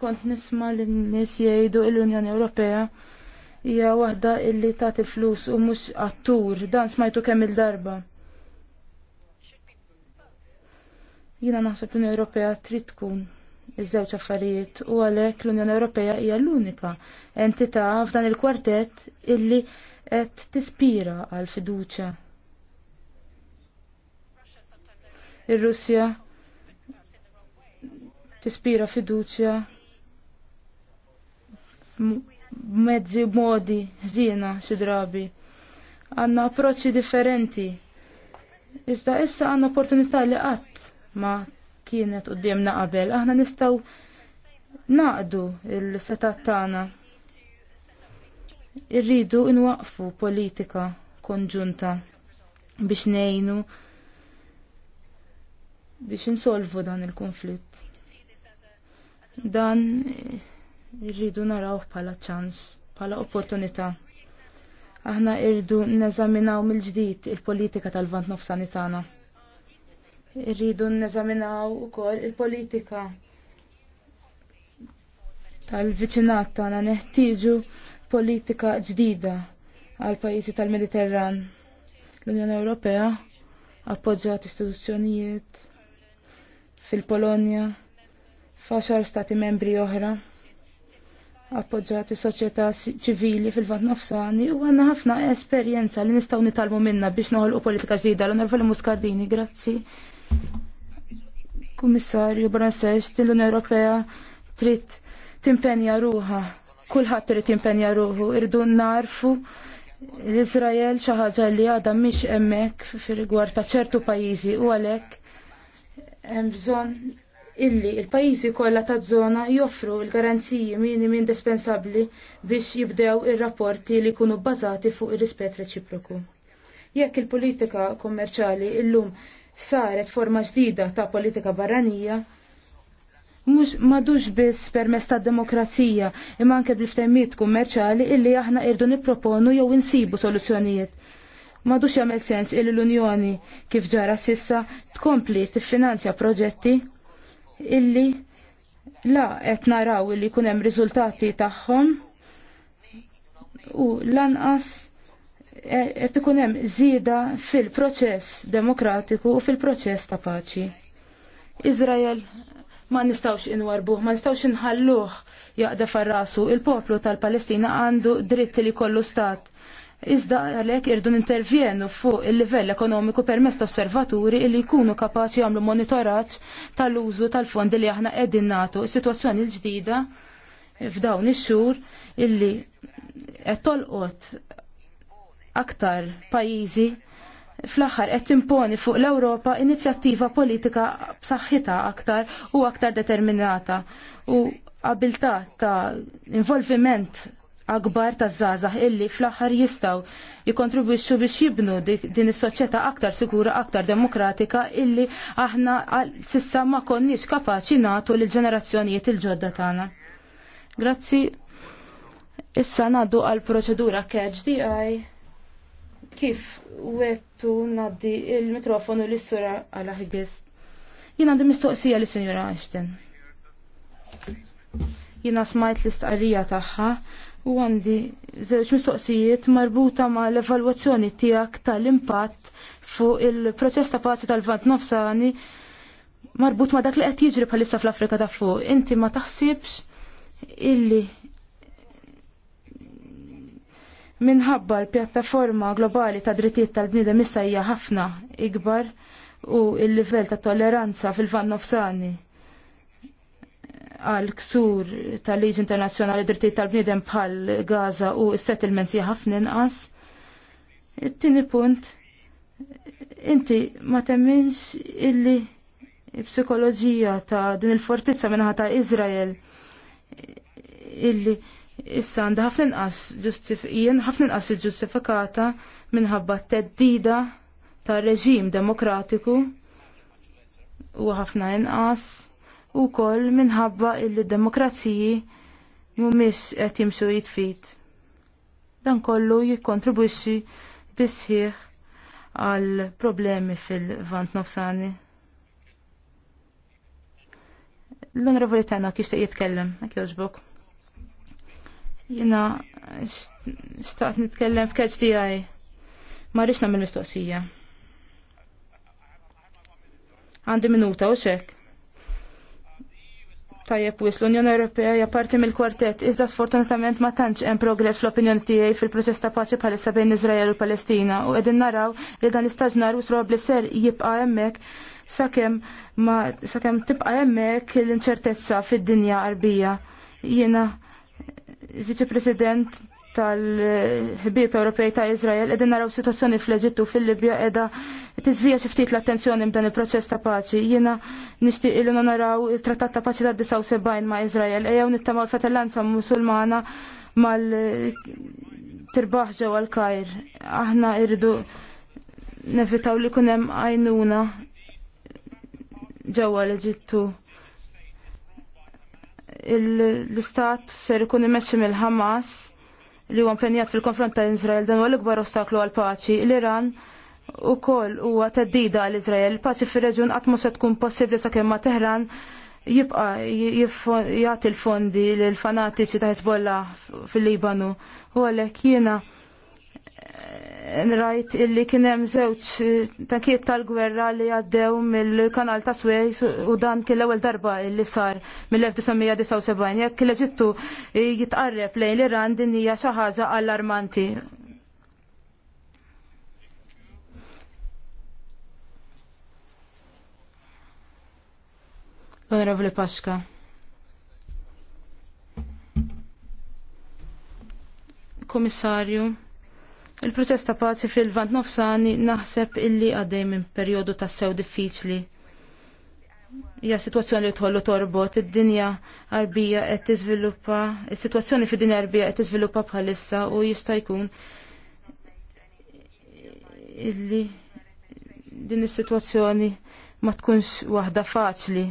Speaker 2: kont nisma l nies jgħidu l-Unjoni Ewropea hija waħda illi tagħti flus u mhux attur dan smajtu kemm il-darba. Jiena naħseb l-Unjoni Ewropea trid tkun iż-żewġ affarijiet u għalhekk l-Unjoni Ewropea hija l-unika entità f'dan il-kwartett illi qed tispira għal fiduċja. Ir-Russja tispira fiduċja mezzi modi ħżiena xi drabi. Għandna approċċi differenti. Iżda issa għandna opportunità li qatt ma kienet qudiemna qabel. Aħna nistgħu naqdu l-setat tagħna. Irridu inwaqfu politika konġunta biex ngħinu biex insolvu dan il-konflitt. Dan irridu narawh bħala ċans, bħala opportunità. Aħna irridu neżaminaw mill-ġdid il-politika tal-vant nofsani tagħna. Irridu neżaminaw ukoll il-politika tal-viċinat tagħna neħtieġu politika ġdida għal pajjiżi tal-Mediterran. L-Unjoni Ewropea appoġġjat istituzzjonijiet fil-Polonja f'għaxar stati membri oħra appoġġjat is-soċjetà ċivili fil-Vant Nofsani u għandna ħafna esperjenza li nistgħu nitalmu minna biex noħolqu politika ġdida l-Onorevoli Muscardini, grazzi. Kummissarju Bransex, l-Unjoni Ewropea trid timpenja ruha, kulħadd trid timpenja ruħu, irdu narfu l-Izrael xi ħaġa li għadha mhix hemmhekk fir-rigward ta' ċertu pajjiżi u għalhekk hemm bżonn illi il-pajjiżi kollha taż-żona joffru l-garanziji minimi indispensabbli biex jibdew ir-rapporti li jkunu bbażati fuq ir-rispett reċiproku. Jekk il-politika kommerċali illum saret forma ġdida ta' politika barranija mux madux biss permess ta' demokrazija imma anke bliftemmit kummerċali illi aħna irdu nipproponu jew insibu soluzzjonijiet. Madux jagħmel sens illi l-Unjoni kif ġara sissa tkompli tiffinanzja proġetti illi la qed naraw illi jkun hemm riżultati tagħhom u lanqas qed ikun hemm żieda fil-proċess demokratiku u fil-proċess ta' paċi. Izrael ma nistawx inwarbuh, ma nistawx inħalluh jaqda farrasu. Il-poplu tal-Palestina għandu dritt li kollu stat. Iżda għalek irdu intervjenu fuq il-livell ekonomiku permess ta' osservaturi li jkunu kapaċi għamlu monitoraċ tal-użu tal-fondi li aħna qegħdin nagħtu. Is-sitwazzjoni l-ġdida f'dawn ix-xhur illi qed tolqot aktar pajjiżi fl-aħħar qed timponi fuq l-Ewropa inizjattiva politika b'saħħitha aktar u aktar determinata u abilità ta' involviment akbar ta' żgħażagħ illi fl-aħħar jistgħu jikontribwixxu biex jibnu din is-soċjetà aktar sikura, aktar demokratika illi aħna sissa ma konniex kapaċi nagħtu lil ġenerazzjonijiet il-ġodda tagħna. Grazzi. Issa ngħaddu għal proċedura catch DI kif wettu naddi il-mikrofonu l sura għala ħibis. Jina għandi mistoqsija li Sinjora Ashton. Jina smajt l-istqarrija tagħha u għandi żewġ mistoqsijiet marbuta ma l-evalwazzjoni tiegħek tal-impatt fuq il-proċess ta' pazzi tal-vant nofsani marbut ma dak li qed jiġri bħalissa fl-Afrika ta' fuq. Inti ma taħsibx illi minħabba l-pjattaforma globali ta' drittijiet tal-bniedem issa hija ħafna ikbar u l-livell ta' tolleranza fil-fan nofsani għal ksur tal-liġi internazzjonali drittijiet tal-bniedem bħal Gaza u s-settlements hija ħafna inqas. It-tieni punt inti ma temminx illi psikoloġija ta' din il-fortizza minnaħa ta' Izrael illi issa għandha ħafna inqas ġustifijin, ħafna inqas ġustifikata minħabba t-teddida tar reġim demokratiku u ħafna inqas u koll minħabba illi demokraziji mumiex qed jimxu jitfit. Dan kollu jikkontribwixxi bisħieħ għal problemi fil-vant nofsani. L-onorevoli tagħna kiex jitkellem, jekk jogħġbok. Jina staqt nitkellem f'keċ di għaj. Marriċ namil mistoqsija. Għandi minuta u xek. Tajjeb wis l-Unjoni Ewropea hija parti mill-kwartett, iżda sfortunatament ma tantx hemm progress fl-opinjoni tiegħi fil-proċess ta' paċi bħalissa bejn Iżrael u Palestina u qegħdin naraw li dan l-istaġnar u bli ser jibqa' hemmhekk sakemm ma sakemm tibqa' hemmhekk l-inċertezza fid-dinja qarbija. Jiena Viċi President tal-ħbib Ewropej ta' Izrael edin naraw situazzjoni fl-Eġittu fil-Libja edha tizvija xiftit l-attenzjoni b'dan il-proċess ta' paċi. Jiena nixtieq il naraw il-Trattat ta' paċi ta' 79 ma' Izrael ejjew nittamaw l-fetellanza musulmana mal-tirbaħ ġewwa l-Kajr. Aħna irridu nevitaw li kunem għajnuna ġewwa l-Eġittu l-istat ser ikun imexxi mill-Hamas li huwa impenjat fil-konfront ta' Izrael dan huwa l-ikbar ostaklu għal paċi. L-Iran ukoll huwa teddida għal Izrael. Paċi fir-reġjun qatt mhux se tkun possibbli sakemm ma' Teheran jibqa jagħti l-fondi lil fanatiċi ta' Hezbollah fil-Libanu. U għalhekk jiena rajt illi kienem zewċ tankiet tal-gwerra li għaddew mill-kanal ta' Suez u dan kien l-ewwel darba illi sar mill-1979 jekk l ġittu jitqarreb lejn li iran din hija xi ħaġa allarmanti. Onorevoli Paxka. Komissarju. Il-proċess ta' paċi fil-vant nofsani naħseb illi għaddej minn perjodu ta' sew diffiċli. Ja situazzjoni li tħollu torbot, id-dinja arbija qed tiżviluppa, is-sitwazzjoni fid-dinja arbija qed tiżviluppa bħalissa u jista' jkun illi din is-sitwazzjoni ma tkunx waħda faċli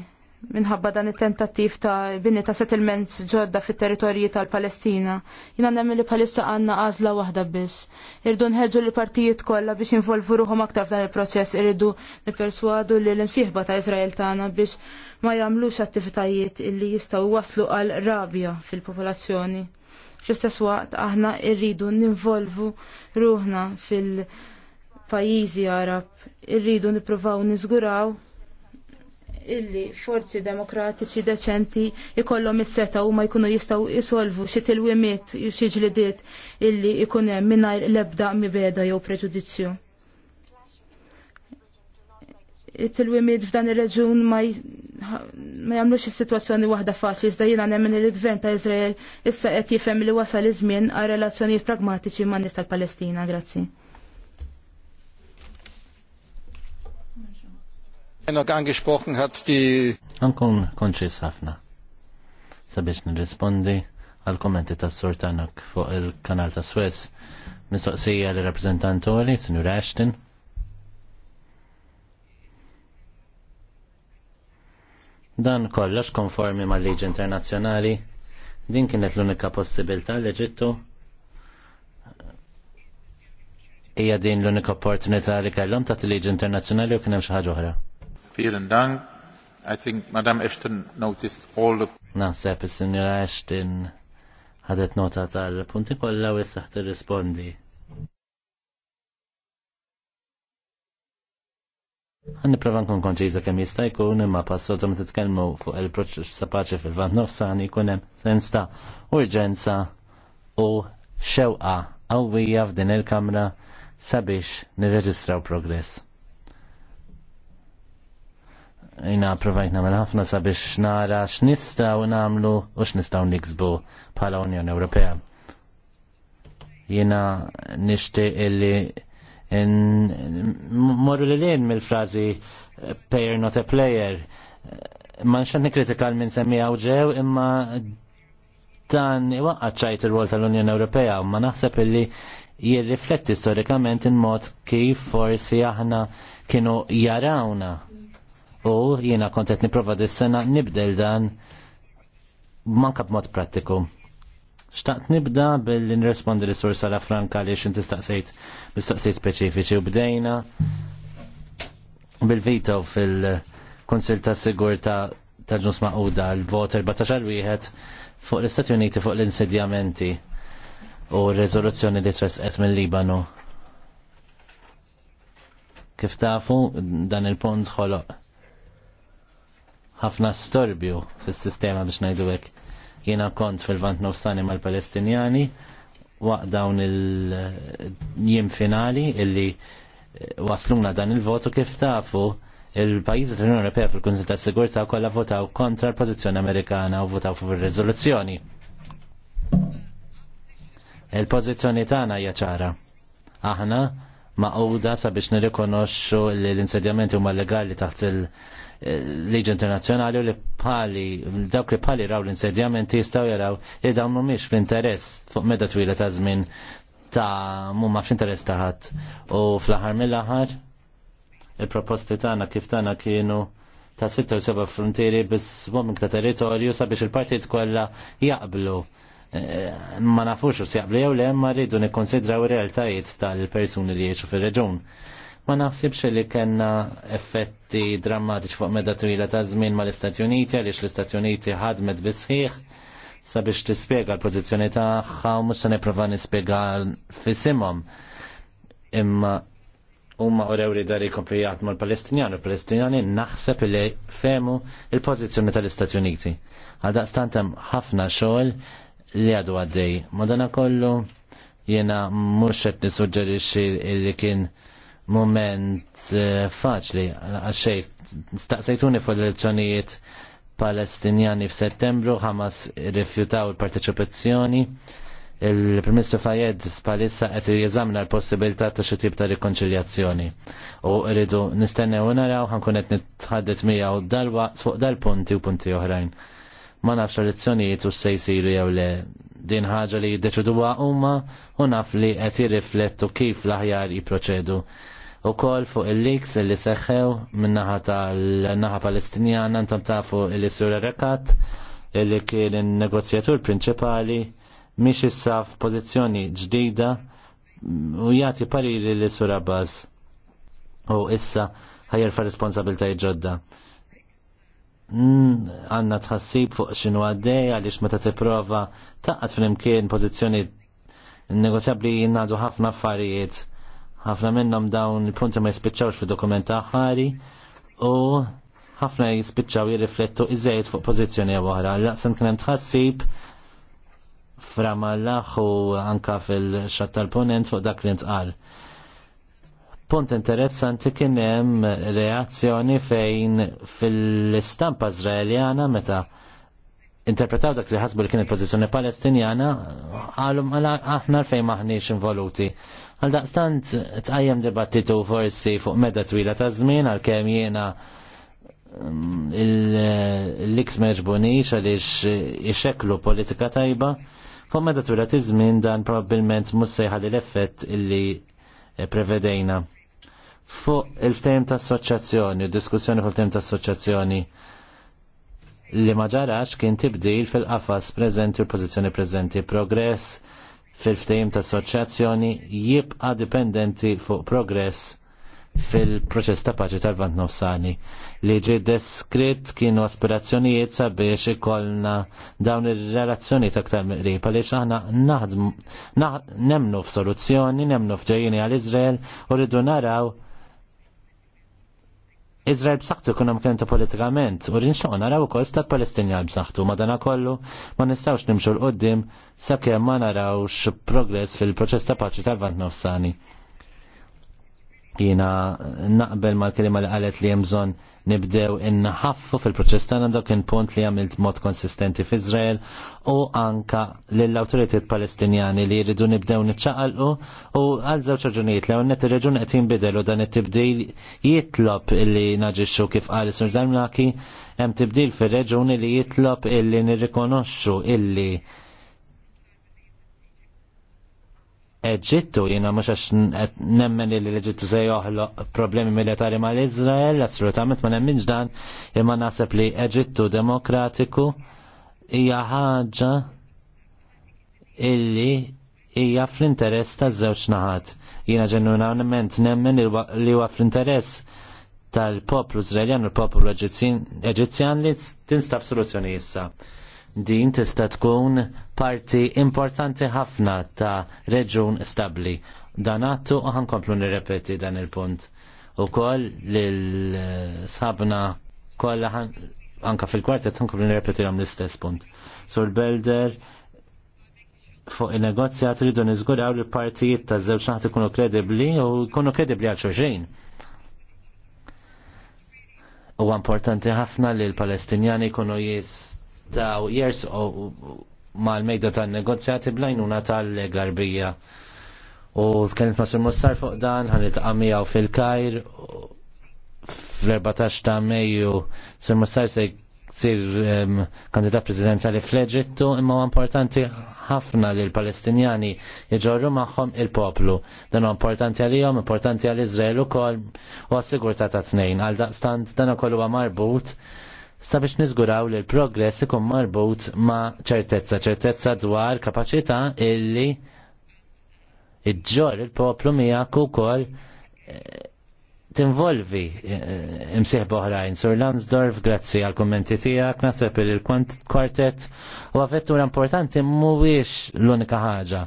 Speaker 2: minħabba dan it-tentattiv ta' bini ta' settlements ġodda fit territorji tal-Palestina. Jina nemmi li bħalissa għanna għazla wahda biss. Irdu nħedġu li partijiet kollha biex involvu ruħom aktar f'dan il-proċess, irridu nipperswadu li l-imsieħba ta' Izrael tagħna biex ma jagħmlux attivitajiet illi jistgħu waslu għal rabja fil-popolazzjoni. Fl-istess waqt aħna irridu ninvolvu ruħna fil-pajjiżi Arab, irridu nippruvaw niżguraw illi forzi demokratiċi deċenti ikollhom is-seta u ma jkunu jistgħu isolvu xi tilwimiet xi ġlidiet illi jkun hemm mingħajr l-ebda mibeda jew preġudizzju. It-tilwimiet f'dan ir-reġun ma jagħmlux is-sitwazzjoni waħda faċli iżda jiena nemmen il-Gvern ta' Iżrael issa qed jifhem li wasal iż-żmien għal relazzjonijiet pragmatiċi man-nies tal-Palestina. Grazzi. Enok angesprochen
Speaker 1: hat di. Ankun konċis ħafna. Sabiex nirrispondi għal kommenti ta' Sur Tanok fuq il-kanal ta' Suez. Mistoqsija li rappresentant għoli, Ashton. Dan kollox konformi mal liġi internazzjonali. Din kienet l-unika possibilità l-Eġittu hija din l-unika opportunità li kellhom ta' liġi internazzjonali u kien hemm xi ħaġa oħra. Vielen Dank. I think Madame Ashton noticed all the... Naħseb, il-Sinjora Ashton ħadet nota tal-punti kollha u issa rispondi. Għan niprofa nkun konċiża kemm jista' jkun imma t-tkelmu fuq il proċċ sapaċi fil-vant nofsani kunem hemm sens ta' urġenza u xewqa għawija f'din il-kamra sabiex nirreġistraw progress jina provajt namel ħafna sabiex nara x'nistgħu nagħmlu u x'nistgħu niksbu bħala Unjoni Ewropea. Jina nixtieq illi morru li lin mill-frażi eh, payer not a player. Ma nxan nikritika l-min semmija ġew imma dan iwaqqa ċajt il rol tal-Unjoni Ewropea ma naħseb illi jirrifletti storikament in mod kif forsi aħna kienu jarawna u jiena kont qed nipprova dis-sena nibdel dan manka b'mod prattiku. Xtaqt nibda billi nirrespondi l sur la Franka li xinti staqsejt mistoqsejt speċifiċi u bdejna bil-vito fil-Konsil ta' Sigurta ta' ġus maquda l-vot 14 wieħed fuq l-Istati Uniti fuq l-insedjamenti u r-rezoluzzjoni li tresqet mill-Libanu. Kif tafu dan il-pont ħoloq ħafna storbju fis-sistema biex ngħidu hekk. Jiena kont fil-vant nofsani mal-Palestinjani waqt dawn il-jiem finali illi eh, wasluna dan il-votu kif tafu il-pajiz l-Unjoni Europea fil-Kunsil ta' Sigurtà kollha votaw kontra l-pożizzjoni Amerikana u votaw fuq ir-riżoluzzjoni. Il-pożizzjoni tagħna hija ċara. Aħna maquda sabiex nirrikonoxxu li l-insedjamenti huma legali taħt il- liġi internazzjonali u li pali, dawk li pali raw l-insedjamenti jistaw jaraw li dawn mumiex fl-interess fuq medda twila ta' żmien ta' mumma fl-interess ta' ħadd. U fl-aħħar mill-aħħar il-proposti tagħna kif tagħna kienu ta' 6 u 7 frontieri biss bombing ta' territorju sabiex il-partijiet kollha jaqblu eh, ma nafux u jaqblu jew le ma rridu nikkonsidraw ir-realtajiet tal-persuni li jgħixu fir-reġun Ma naħsibx li kena effetti drammatiċi fuq medda twila ta' żmien mal-Istati Uniti għaliex l-Istati Uniti ħadmet bisħiħ sabiex tispjega l-pozizjoni tagħha u mhux se nipprova nispjega fisimhom. Imma huma urew li dar jkompli jaħdmu l-Palestinjan u l-Palestinjani naħseb li femu l pożizzjoni tal-Istati Uniti. Għaldaqstant hemm ħafna xogħol li għadu għaddej. Madana kollu jena mhux qed nisuġġerixxi li kien moment eh, faċli għaxej staqsejtuni fuq l-elezzjonijiet palestinjani f'Settembru Hamas rifjutaw il-parteċipazzjoni il-Primistru Fayed palissa qed jeżamna l-possibilità ta' xi tip ta' rikonċiljazzjoni. U rridu nistennew naraw ħankun qed nitħaddet miegħu dalwa fuq dal-punti u punti oħrajn. Ma nafx elezzjonijiet u se jsiru jew le din ħaġa li jiddeċiduha huma u naf li qed jirriflettu kif l-aħjar jipproċedu u kol fuq il-liks li seħħew minnaħa tal-naħa palestinjana ntam tafu il-sura rekat li kien il-negozjatur prinċipali miex issa pozizjoni ġdida u jagħti pariri li sura baz u issa ħajjerfa responsabilta ġodda mm, għanna tħassib fuq xinu għaddej għalix meta tipprova taqqat fl-imkien pozizjoni negozjabli jinnadu ħafna affarijiet ħafna minnhom dawn il-punti ma jispiċċawx fi dokumenta aħħari u ħafna jispiċċaw jirriflettu iżejt fuq pożizzjoni oħra. Laqsan kien hemm tħassib framallaħ u anka fil xatt tal-ponent fuq dak li ntqal. Punt interessanti kien hemm reazzjoni fejn fil-istampa Izraeljana meta interpretaw dak li ħasbu li kien il-pożizzjoni Palestinjana għalhom aħna fejn maħniex involuti. Għal daqstant tqajjem dibattitu forsi fuq medda twila ta' żmien għalkemm jiena mm, l-iks meġbunix għaliex ixeklu politika tajba, fuq meta twila ta' żmien dan probabbilment mhux l-effett illi eh, prevedejna. Fuq il-ftehim ta' assoċjazzjoni, diskussjoni fuq il-ftehim ta' assoċjazzjoni li ma ġarax kien tibdil fil-qafas preżenti u pożizzjoni preżenti progress fil-ftehim ta' soċjazzjoni jibqa' dipendenti fuq progress fil-proċess ta' paċi tal-Vant Nofsani li ġi deskritt kienu aspirazzjonijiet sabiex ikollna dawn ir-relazzjoni ta' ktar miqrib għaliex aħna naħdmu nemnu f'soluzzjoni, nemnu f'ġejjini għal Iżrael u rridu naraw Izrael b'saħħtu hemm u politikament u rinxtaq naraw ukoll stat Palestinjan b'saħħtu madana kollu ma nistgħux nimxu l qoddim sakemm ma narawx progress fil-proċess ta' paċi tal-Vant Nofsani. Jina naqbel mal-kelima li qalet li jemżon nibdew innaħaffu fil-proċess tagħna dak punt li għamilt mod konsistenti f'Iżrael u anka lill autoritet Palestinjani li jridu nibdew niċċaqalqu u għal żewġ raġunijiet li għonnet ir-reġun qed jinbidel u dan it-tibdil jitlob illi naġixxu kif qal is Damlaki hemm tibdil fir-reġuni li jitlob illi nirrikonoxxu illi Eġittu, jina mux għax nemmen li l-Eġittu se joħloq problemi militari ma l-Izrael, assolutament ma nemminx dan, imma nasib li Eġittu demokratiku hija ħaġa illi hija fl-interess ta' żewġ naħat. Jina ġenwinament nemmen li huwa fl-interess tal-poplu Izraeljan u l-poplu Eġizzjan li tinstab soluzzjoni issa. Din tista' tkun parti importanti ħafna ta' reġun stabli. Dan għattu komplu nirrepeti dan il-punt. U koll l-sabna kolla anka fil-kwartet komplu nirrepeti għam l-istess punt. Sur Belder, fuq il-negozjat rridu nizguraw li partijiet ta' żewġ naħat ikunu kredibli u jkunu kredibli għal xoġin. Huwa importanti ħafna li l-Palestinjani jkunu jistaw jers u mal-mejda tan-negozjati blajnuna tal-garbija. U tkellimt ma' Sur Mussar fuq dan, ħan itqamijaw fil-kajr fl-14 ta' Mejju Sur Mussar se sir kandidat prezidenzjali fl-Eġittu imma importanti ħafna li l-Palestinjani jġorru magħhom il-poplu. Dan huwa importanti għalihom, importanti għal Iżrael ukoll u għas ta' ta' tnejn. Għal daqstant dan ukoll huwa marbut sabiex niżguraw li l-progress ikun marbut ma' ċertezza, ċertezza dwar kapaċità illi iġġor il-poplu miegħek ukoll eh, tinvolvi eh, imsieħ boħrajn. Sur Lansdorf, grazzi għal kommenti tijak, nasib il-kwartet u għavettura importanti mhuwiex l-unika ħaġa.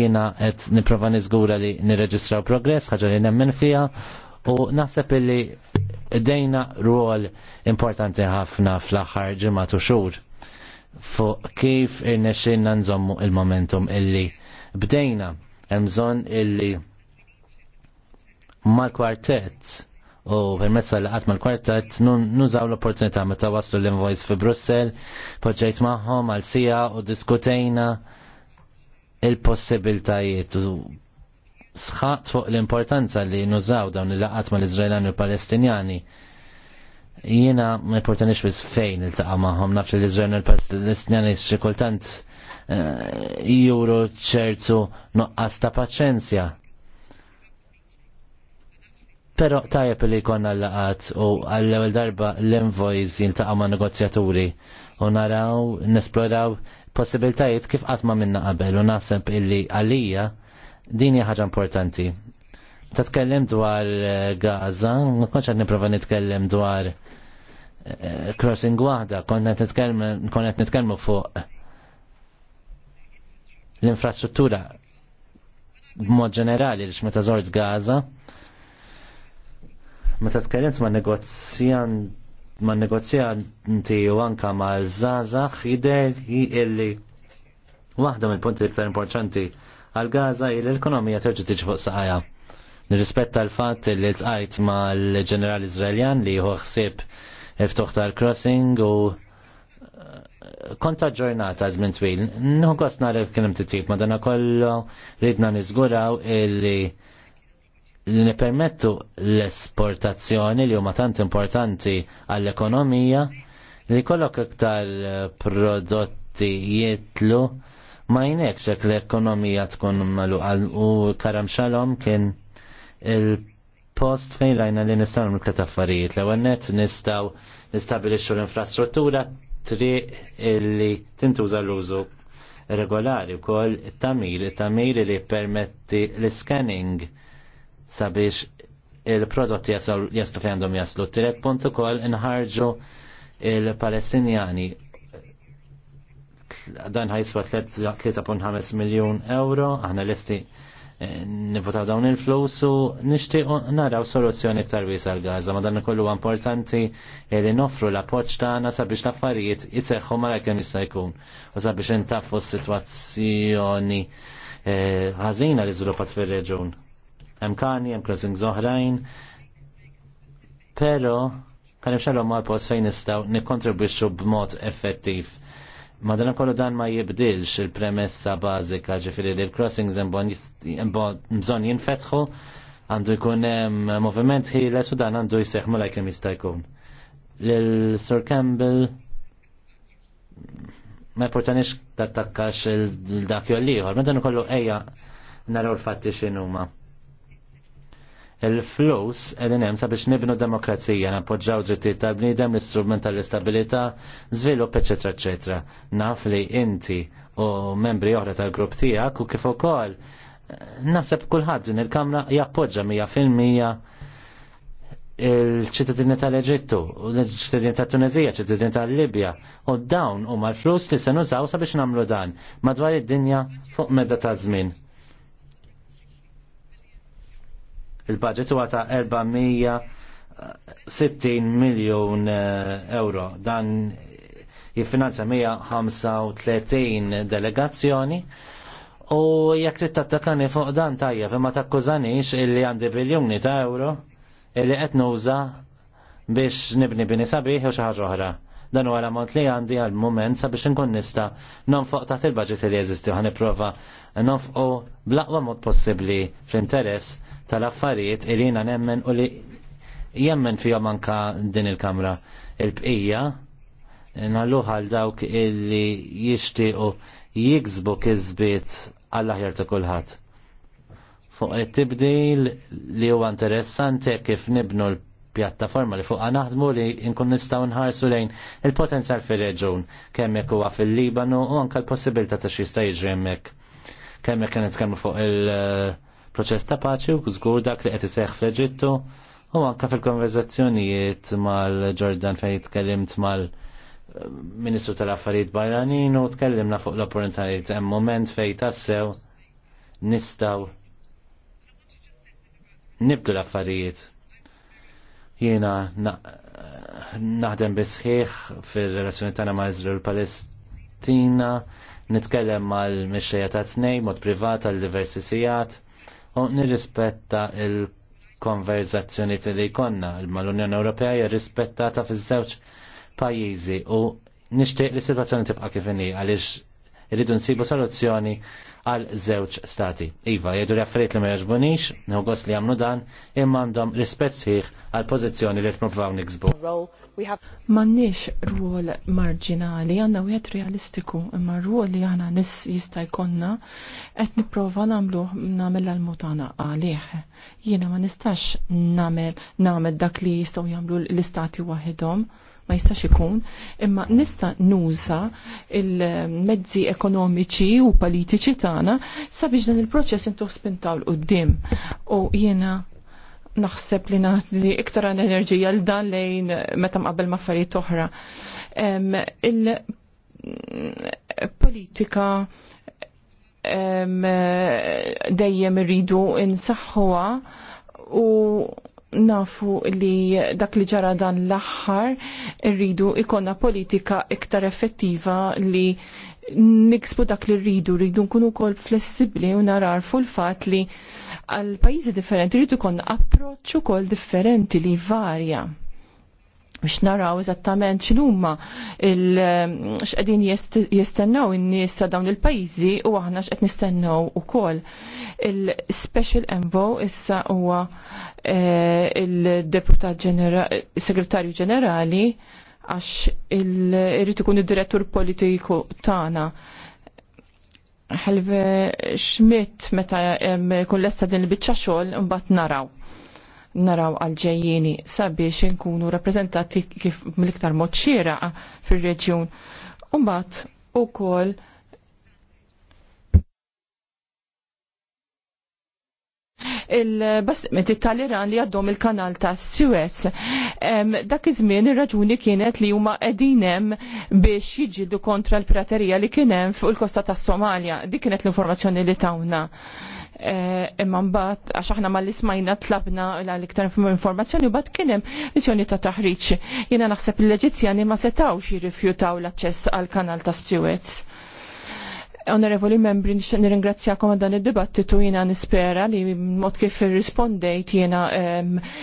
Speaker 1: Jiena qed nipprova niżgura li nirreġistraw progress, ħaġa li nemmen fiha u naħseb li dejna rol importanti ħafna fl-aħħar ġimgħat u xhur fuq kif irnexxinna nżommu il-momentum illi bdejna hemm bżonn illi mal-kwartett u permezz li qatt mal-kwartett nużaw l-opportunità meta waslu l-invoice fi Brussell, poġġejt magħhom għal sija u diskutejna il-possibiltajiet u sħat fuq l-importanza li nużaw dawn il-laqat ma l-Izraelani u l-Palestinjani. Jiena ma importanix bis fejn il-taqa maħom, naf li l-Izraelani u l-Palestinjani xikultant eh, juru ċertu noqqas ta' paċenzja. Pero tajab li konna l-laqat u għall-ewel darba l-envoys jiltaqa ma' negozjaturi u naraw, nesploraw possibiltajiet kif għatma minna qabel u naħseb illi għalija Din hija ħaġa importanti. Ta' tkellem dwar eh, Gaza, ma konċa niprofa nitkellem dwar eh, crossing waħda, konna qed nitkellmu fuq l-infrastruttura b'mod ġenerali li meta zorz Gaza. Meta tkellimt ma' negozjant ma' negozjanti u anka ma' Zazax jider illi waħda mill-punti l-iktar importanti għal Gaza il l-ekonomija terġa' tiġi fuq saqajja. Nirrispetta l-fatt li tqajt mal-ġeneral Izraeljan li huwa ħsieb il-ftuħ tal-crossing u eh, konta ġurnata żmien twil. Nħu kost nara kien ma dana kollu ridna niżguraw illi li nipermettu l-esportazzjoni li huma tant importanti għall-ekonomija li kollok iktar prodotti jitlu ma jinek jekk l-ekonomija tkun għal u karam xalom kien il-post fejn rajna li nistaw mill affarijiet. L-ewwel nistaw nistgħu nistabilixxu l-infrastruttura triq illi tintuża l-użu regolari wkoll it tamil, it-tamir li permetti l-scanning sabiex il-prodotti jaslu fejn għandhom jaslu. Tiret punt ukoll inħarġu il-Palestinjani dan ħajswa 3.5 miljon euro, aħna lesti eh, nivotaw dawn il-flus u nixtieq naraw soluzzjoni iktar wisa l Gaza, ma dan kollu importanti li nofru l appoġġ tagħna sabiex l-affarijiet jisseħħu ma l jista' jkun u sabiex intaffu s-sitwazzjoni eh, ħażina li żviluppat fir-reġun. Hemm kani, hemm crossings oħrajn, xalom kan imxallu mal-post fejn nistgħu nikkontribwixxu b'mod effettiv Madankollu dan ma jibdilx il-premessa bażika ġifiri li l-crossings bżonn jinfetħu għandu jkun hemm moviment hi l dan għandu jisseħ mela kemm jista' jkun. Lil-Sir Campbell ma jportanix tattakkax il-dak jolliħor, ma kollu eja naraw l-fatti xinuma il-flus edin hemm sabiex nibnu demokrazija, nappoġġaw drittijiet tal-bniedem, l-istrument tal-istabilità, żvilupp, eċetera, eċetera. Naf li inti u membri oħra tal-grupp tiegħek u kif ukoll naħseb kulħadd din il-Kamra jappoġġa mija fil-mija il-ċittadini tal-Eġittu, il-ċittadini tal-Tunezija, ċittadini tal-Libja, u dawn huma l-flus li se nużaw sabiex nagħmlu dan madwar id-dinja fuq medda ta' żmien Il-budget huwa ta' 460 miljon eh, euro. Dan jiffinanza 135 delegazzjoni u jekk trid tattakani fuq dan tajjeb imma takkużanix illi għandi biljuni ta' euro illi qed nuża biex nibni bini sabiħ u xi ħaġa oħra dan huwa l-ammont li għandi għal moment sabiex inkun nista' nonfoq taħt il-budget li jeżisti ħa nipprova nonfqu bl-aqwa mod possibbli fl-interess tal-affarijiet irina nemmen u li jemmen fihom anka din il-kamra il-bqija nħalluħa għal dawk illi jixtiequ jiksbu kizbit għall-aħjar ta' kulħadd. Fuq it-tibdil li huwa interessanti kif nibnu l pjattaforma li fuqha naħdmu li nkun nistgħu nħarsu lejn il-potenzjal fir-reġun kemm hekk huwa fil-Libanu u anke l-possibilità ta' xi jista' jiġri hemmhekk. Kemm jekk nitkellmu fuq il- proċess ta' paċi u żgur dak li qed iseħħ fl-Eġittu u anke fil-konverzazzjonijiet mal-Ġordan fejn tkellimt mal eh, Ministru tal-Affarijiet Bajranin u tkellimna fuq l-opportunitajiet hemm moment fejn tassew nistgħu nibdu l-affarijiet. Jiena naħdem bisħiħ fil-relazzjoni tagħna ma' Izrael Palestina, nitkellem mal mixxejja ta' tnej mod privat għal diversi sijat u nirrispetta il-konverzazzjoni li jkollna l unjoni Ewropea hija rispettata fi żewġ pajjiżi u nixtieq li s-sitwazzjoni tibqa' kif inhi għaliex irridu nsibu soluzzjoni għal żewġ stati. Iva, jedu raffariet li ma jaġbunix, nħogos li għamlu dan, imman rispett sħiħ għal pozizjoni li t-nupvaw niksbu.
Speaker 3: Mannix ruol marġinali, għanna u realistiku, imma ruol li għanna nis jista jkonna, et niprofa namlu namel l mutana għalieħ. Jiena ma nistax namel namel dak li jistaw jamlu l-istati wahidom ma jistax ikun, imma nista nuża il-mezzi ekonomiċi u politiċi tagħna sabiex dan il-proċess intuħ spintaw l-qoddim. U jiena naħseb li naħdi iktar enerġija l dan lejn meta mqabbel ma' affarijiet oħra. Il-politika dejjem irridu insaħħuha u nafu li dak li ġara dan l-aħħar rridu ikonna politika iktar effettiva li nikspu dak li rridu, rridu nkunu kol flessibli u nararfu l-fat li għal pajizi differenti rridu konna approċċu kol differenti li varja biex naraw eżattament x'numa ehm, x'qegħdin jistennew in-nies ta' dawn il-pajjiżi u aħna x'qed nistennew ukoll. Il-Special Envo issa huwa eh, il-Deputat Segretarju Ġenerali għax irrid ikun id-direttur politiku tagħna. Helve x'mitt meta jkun ehm, lesta din il-biċċa xogħol imbagħad naraw naraw għal-ġejjini sabiex inkunu rappresentati kif mill-iktar mod xieraq fil-reġjun. Umbat u kol il-bastiment it-Taliran li għaddom il-kanal ta' Suez. Dak iż-żmien ir-raġuni kienet li huma hemm biex jiġġieldu kontra l-piraterija li kien hemm fuq il-kosta tas-Somalja. Dik kienet l-informazzjoni li tawna Eh, imma mbagħad għax aħna mal ismajna tlabna għal iktar informazzjoni u bad kien hemm mizzjoni ta' taħriġ. Jiena naħseb l-Eġizzjani ma setawx jirrifjutaw l-aċċess għal kanal ta' Suez. Onorevoli membri, nirringrazzjakom għad dan id-dibattitu jena nispera li mod kif rispondejt jena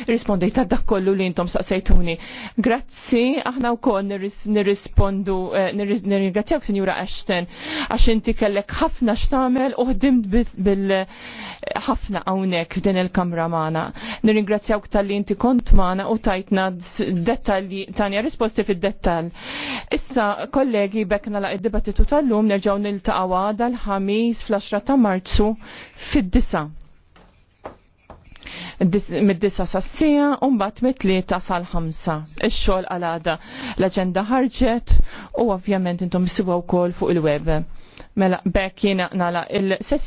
Speaker 3: rispondejt għad dak kollu li intom saqsejtuni. Grazzi, aħna u koll nirrispondu, eh, nirringrazzjak Sinjura Ashton, għax inti kellek ħafna xtamel u bil ħafna għawnek din il-kamra maħna. Nirringrazzjak tal-li inti kont maħna u tajtna dettalji, tanja risposti fid-dettal. Issa, kollegi, bekna la id-dibattitu tal-lum, nerġaw nil-taqaw niltaqgħu għada l-ħamis fl-10 ta' Marzu fid-disa mid-disa s-sija un bat mit-tlieta sal-ħamsa. Ix-xogħol għal-għada l-aġenda ħarġet u ovvjament intom s-sibaw wkoll fuq il-web. Mela bekk jiena nala il sess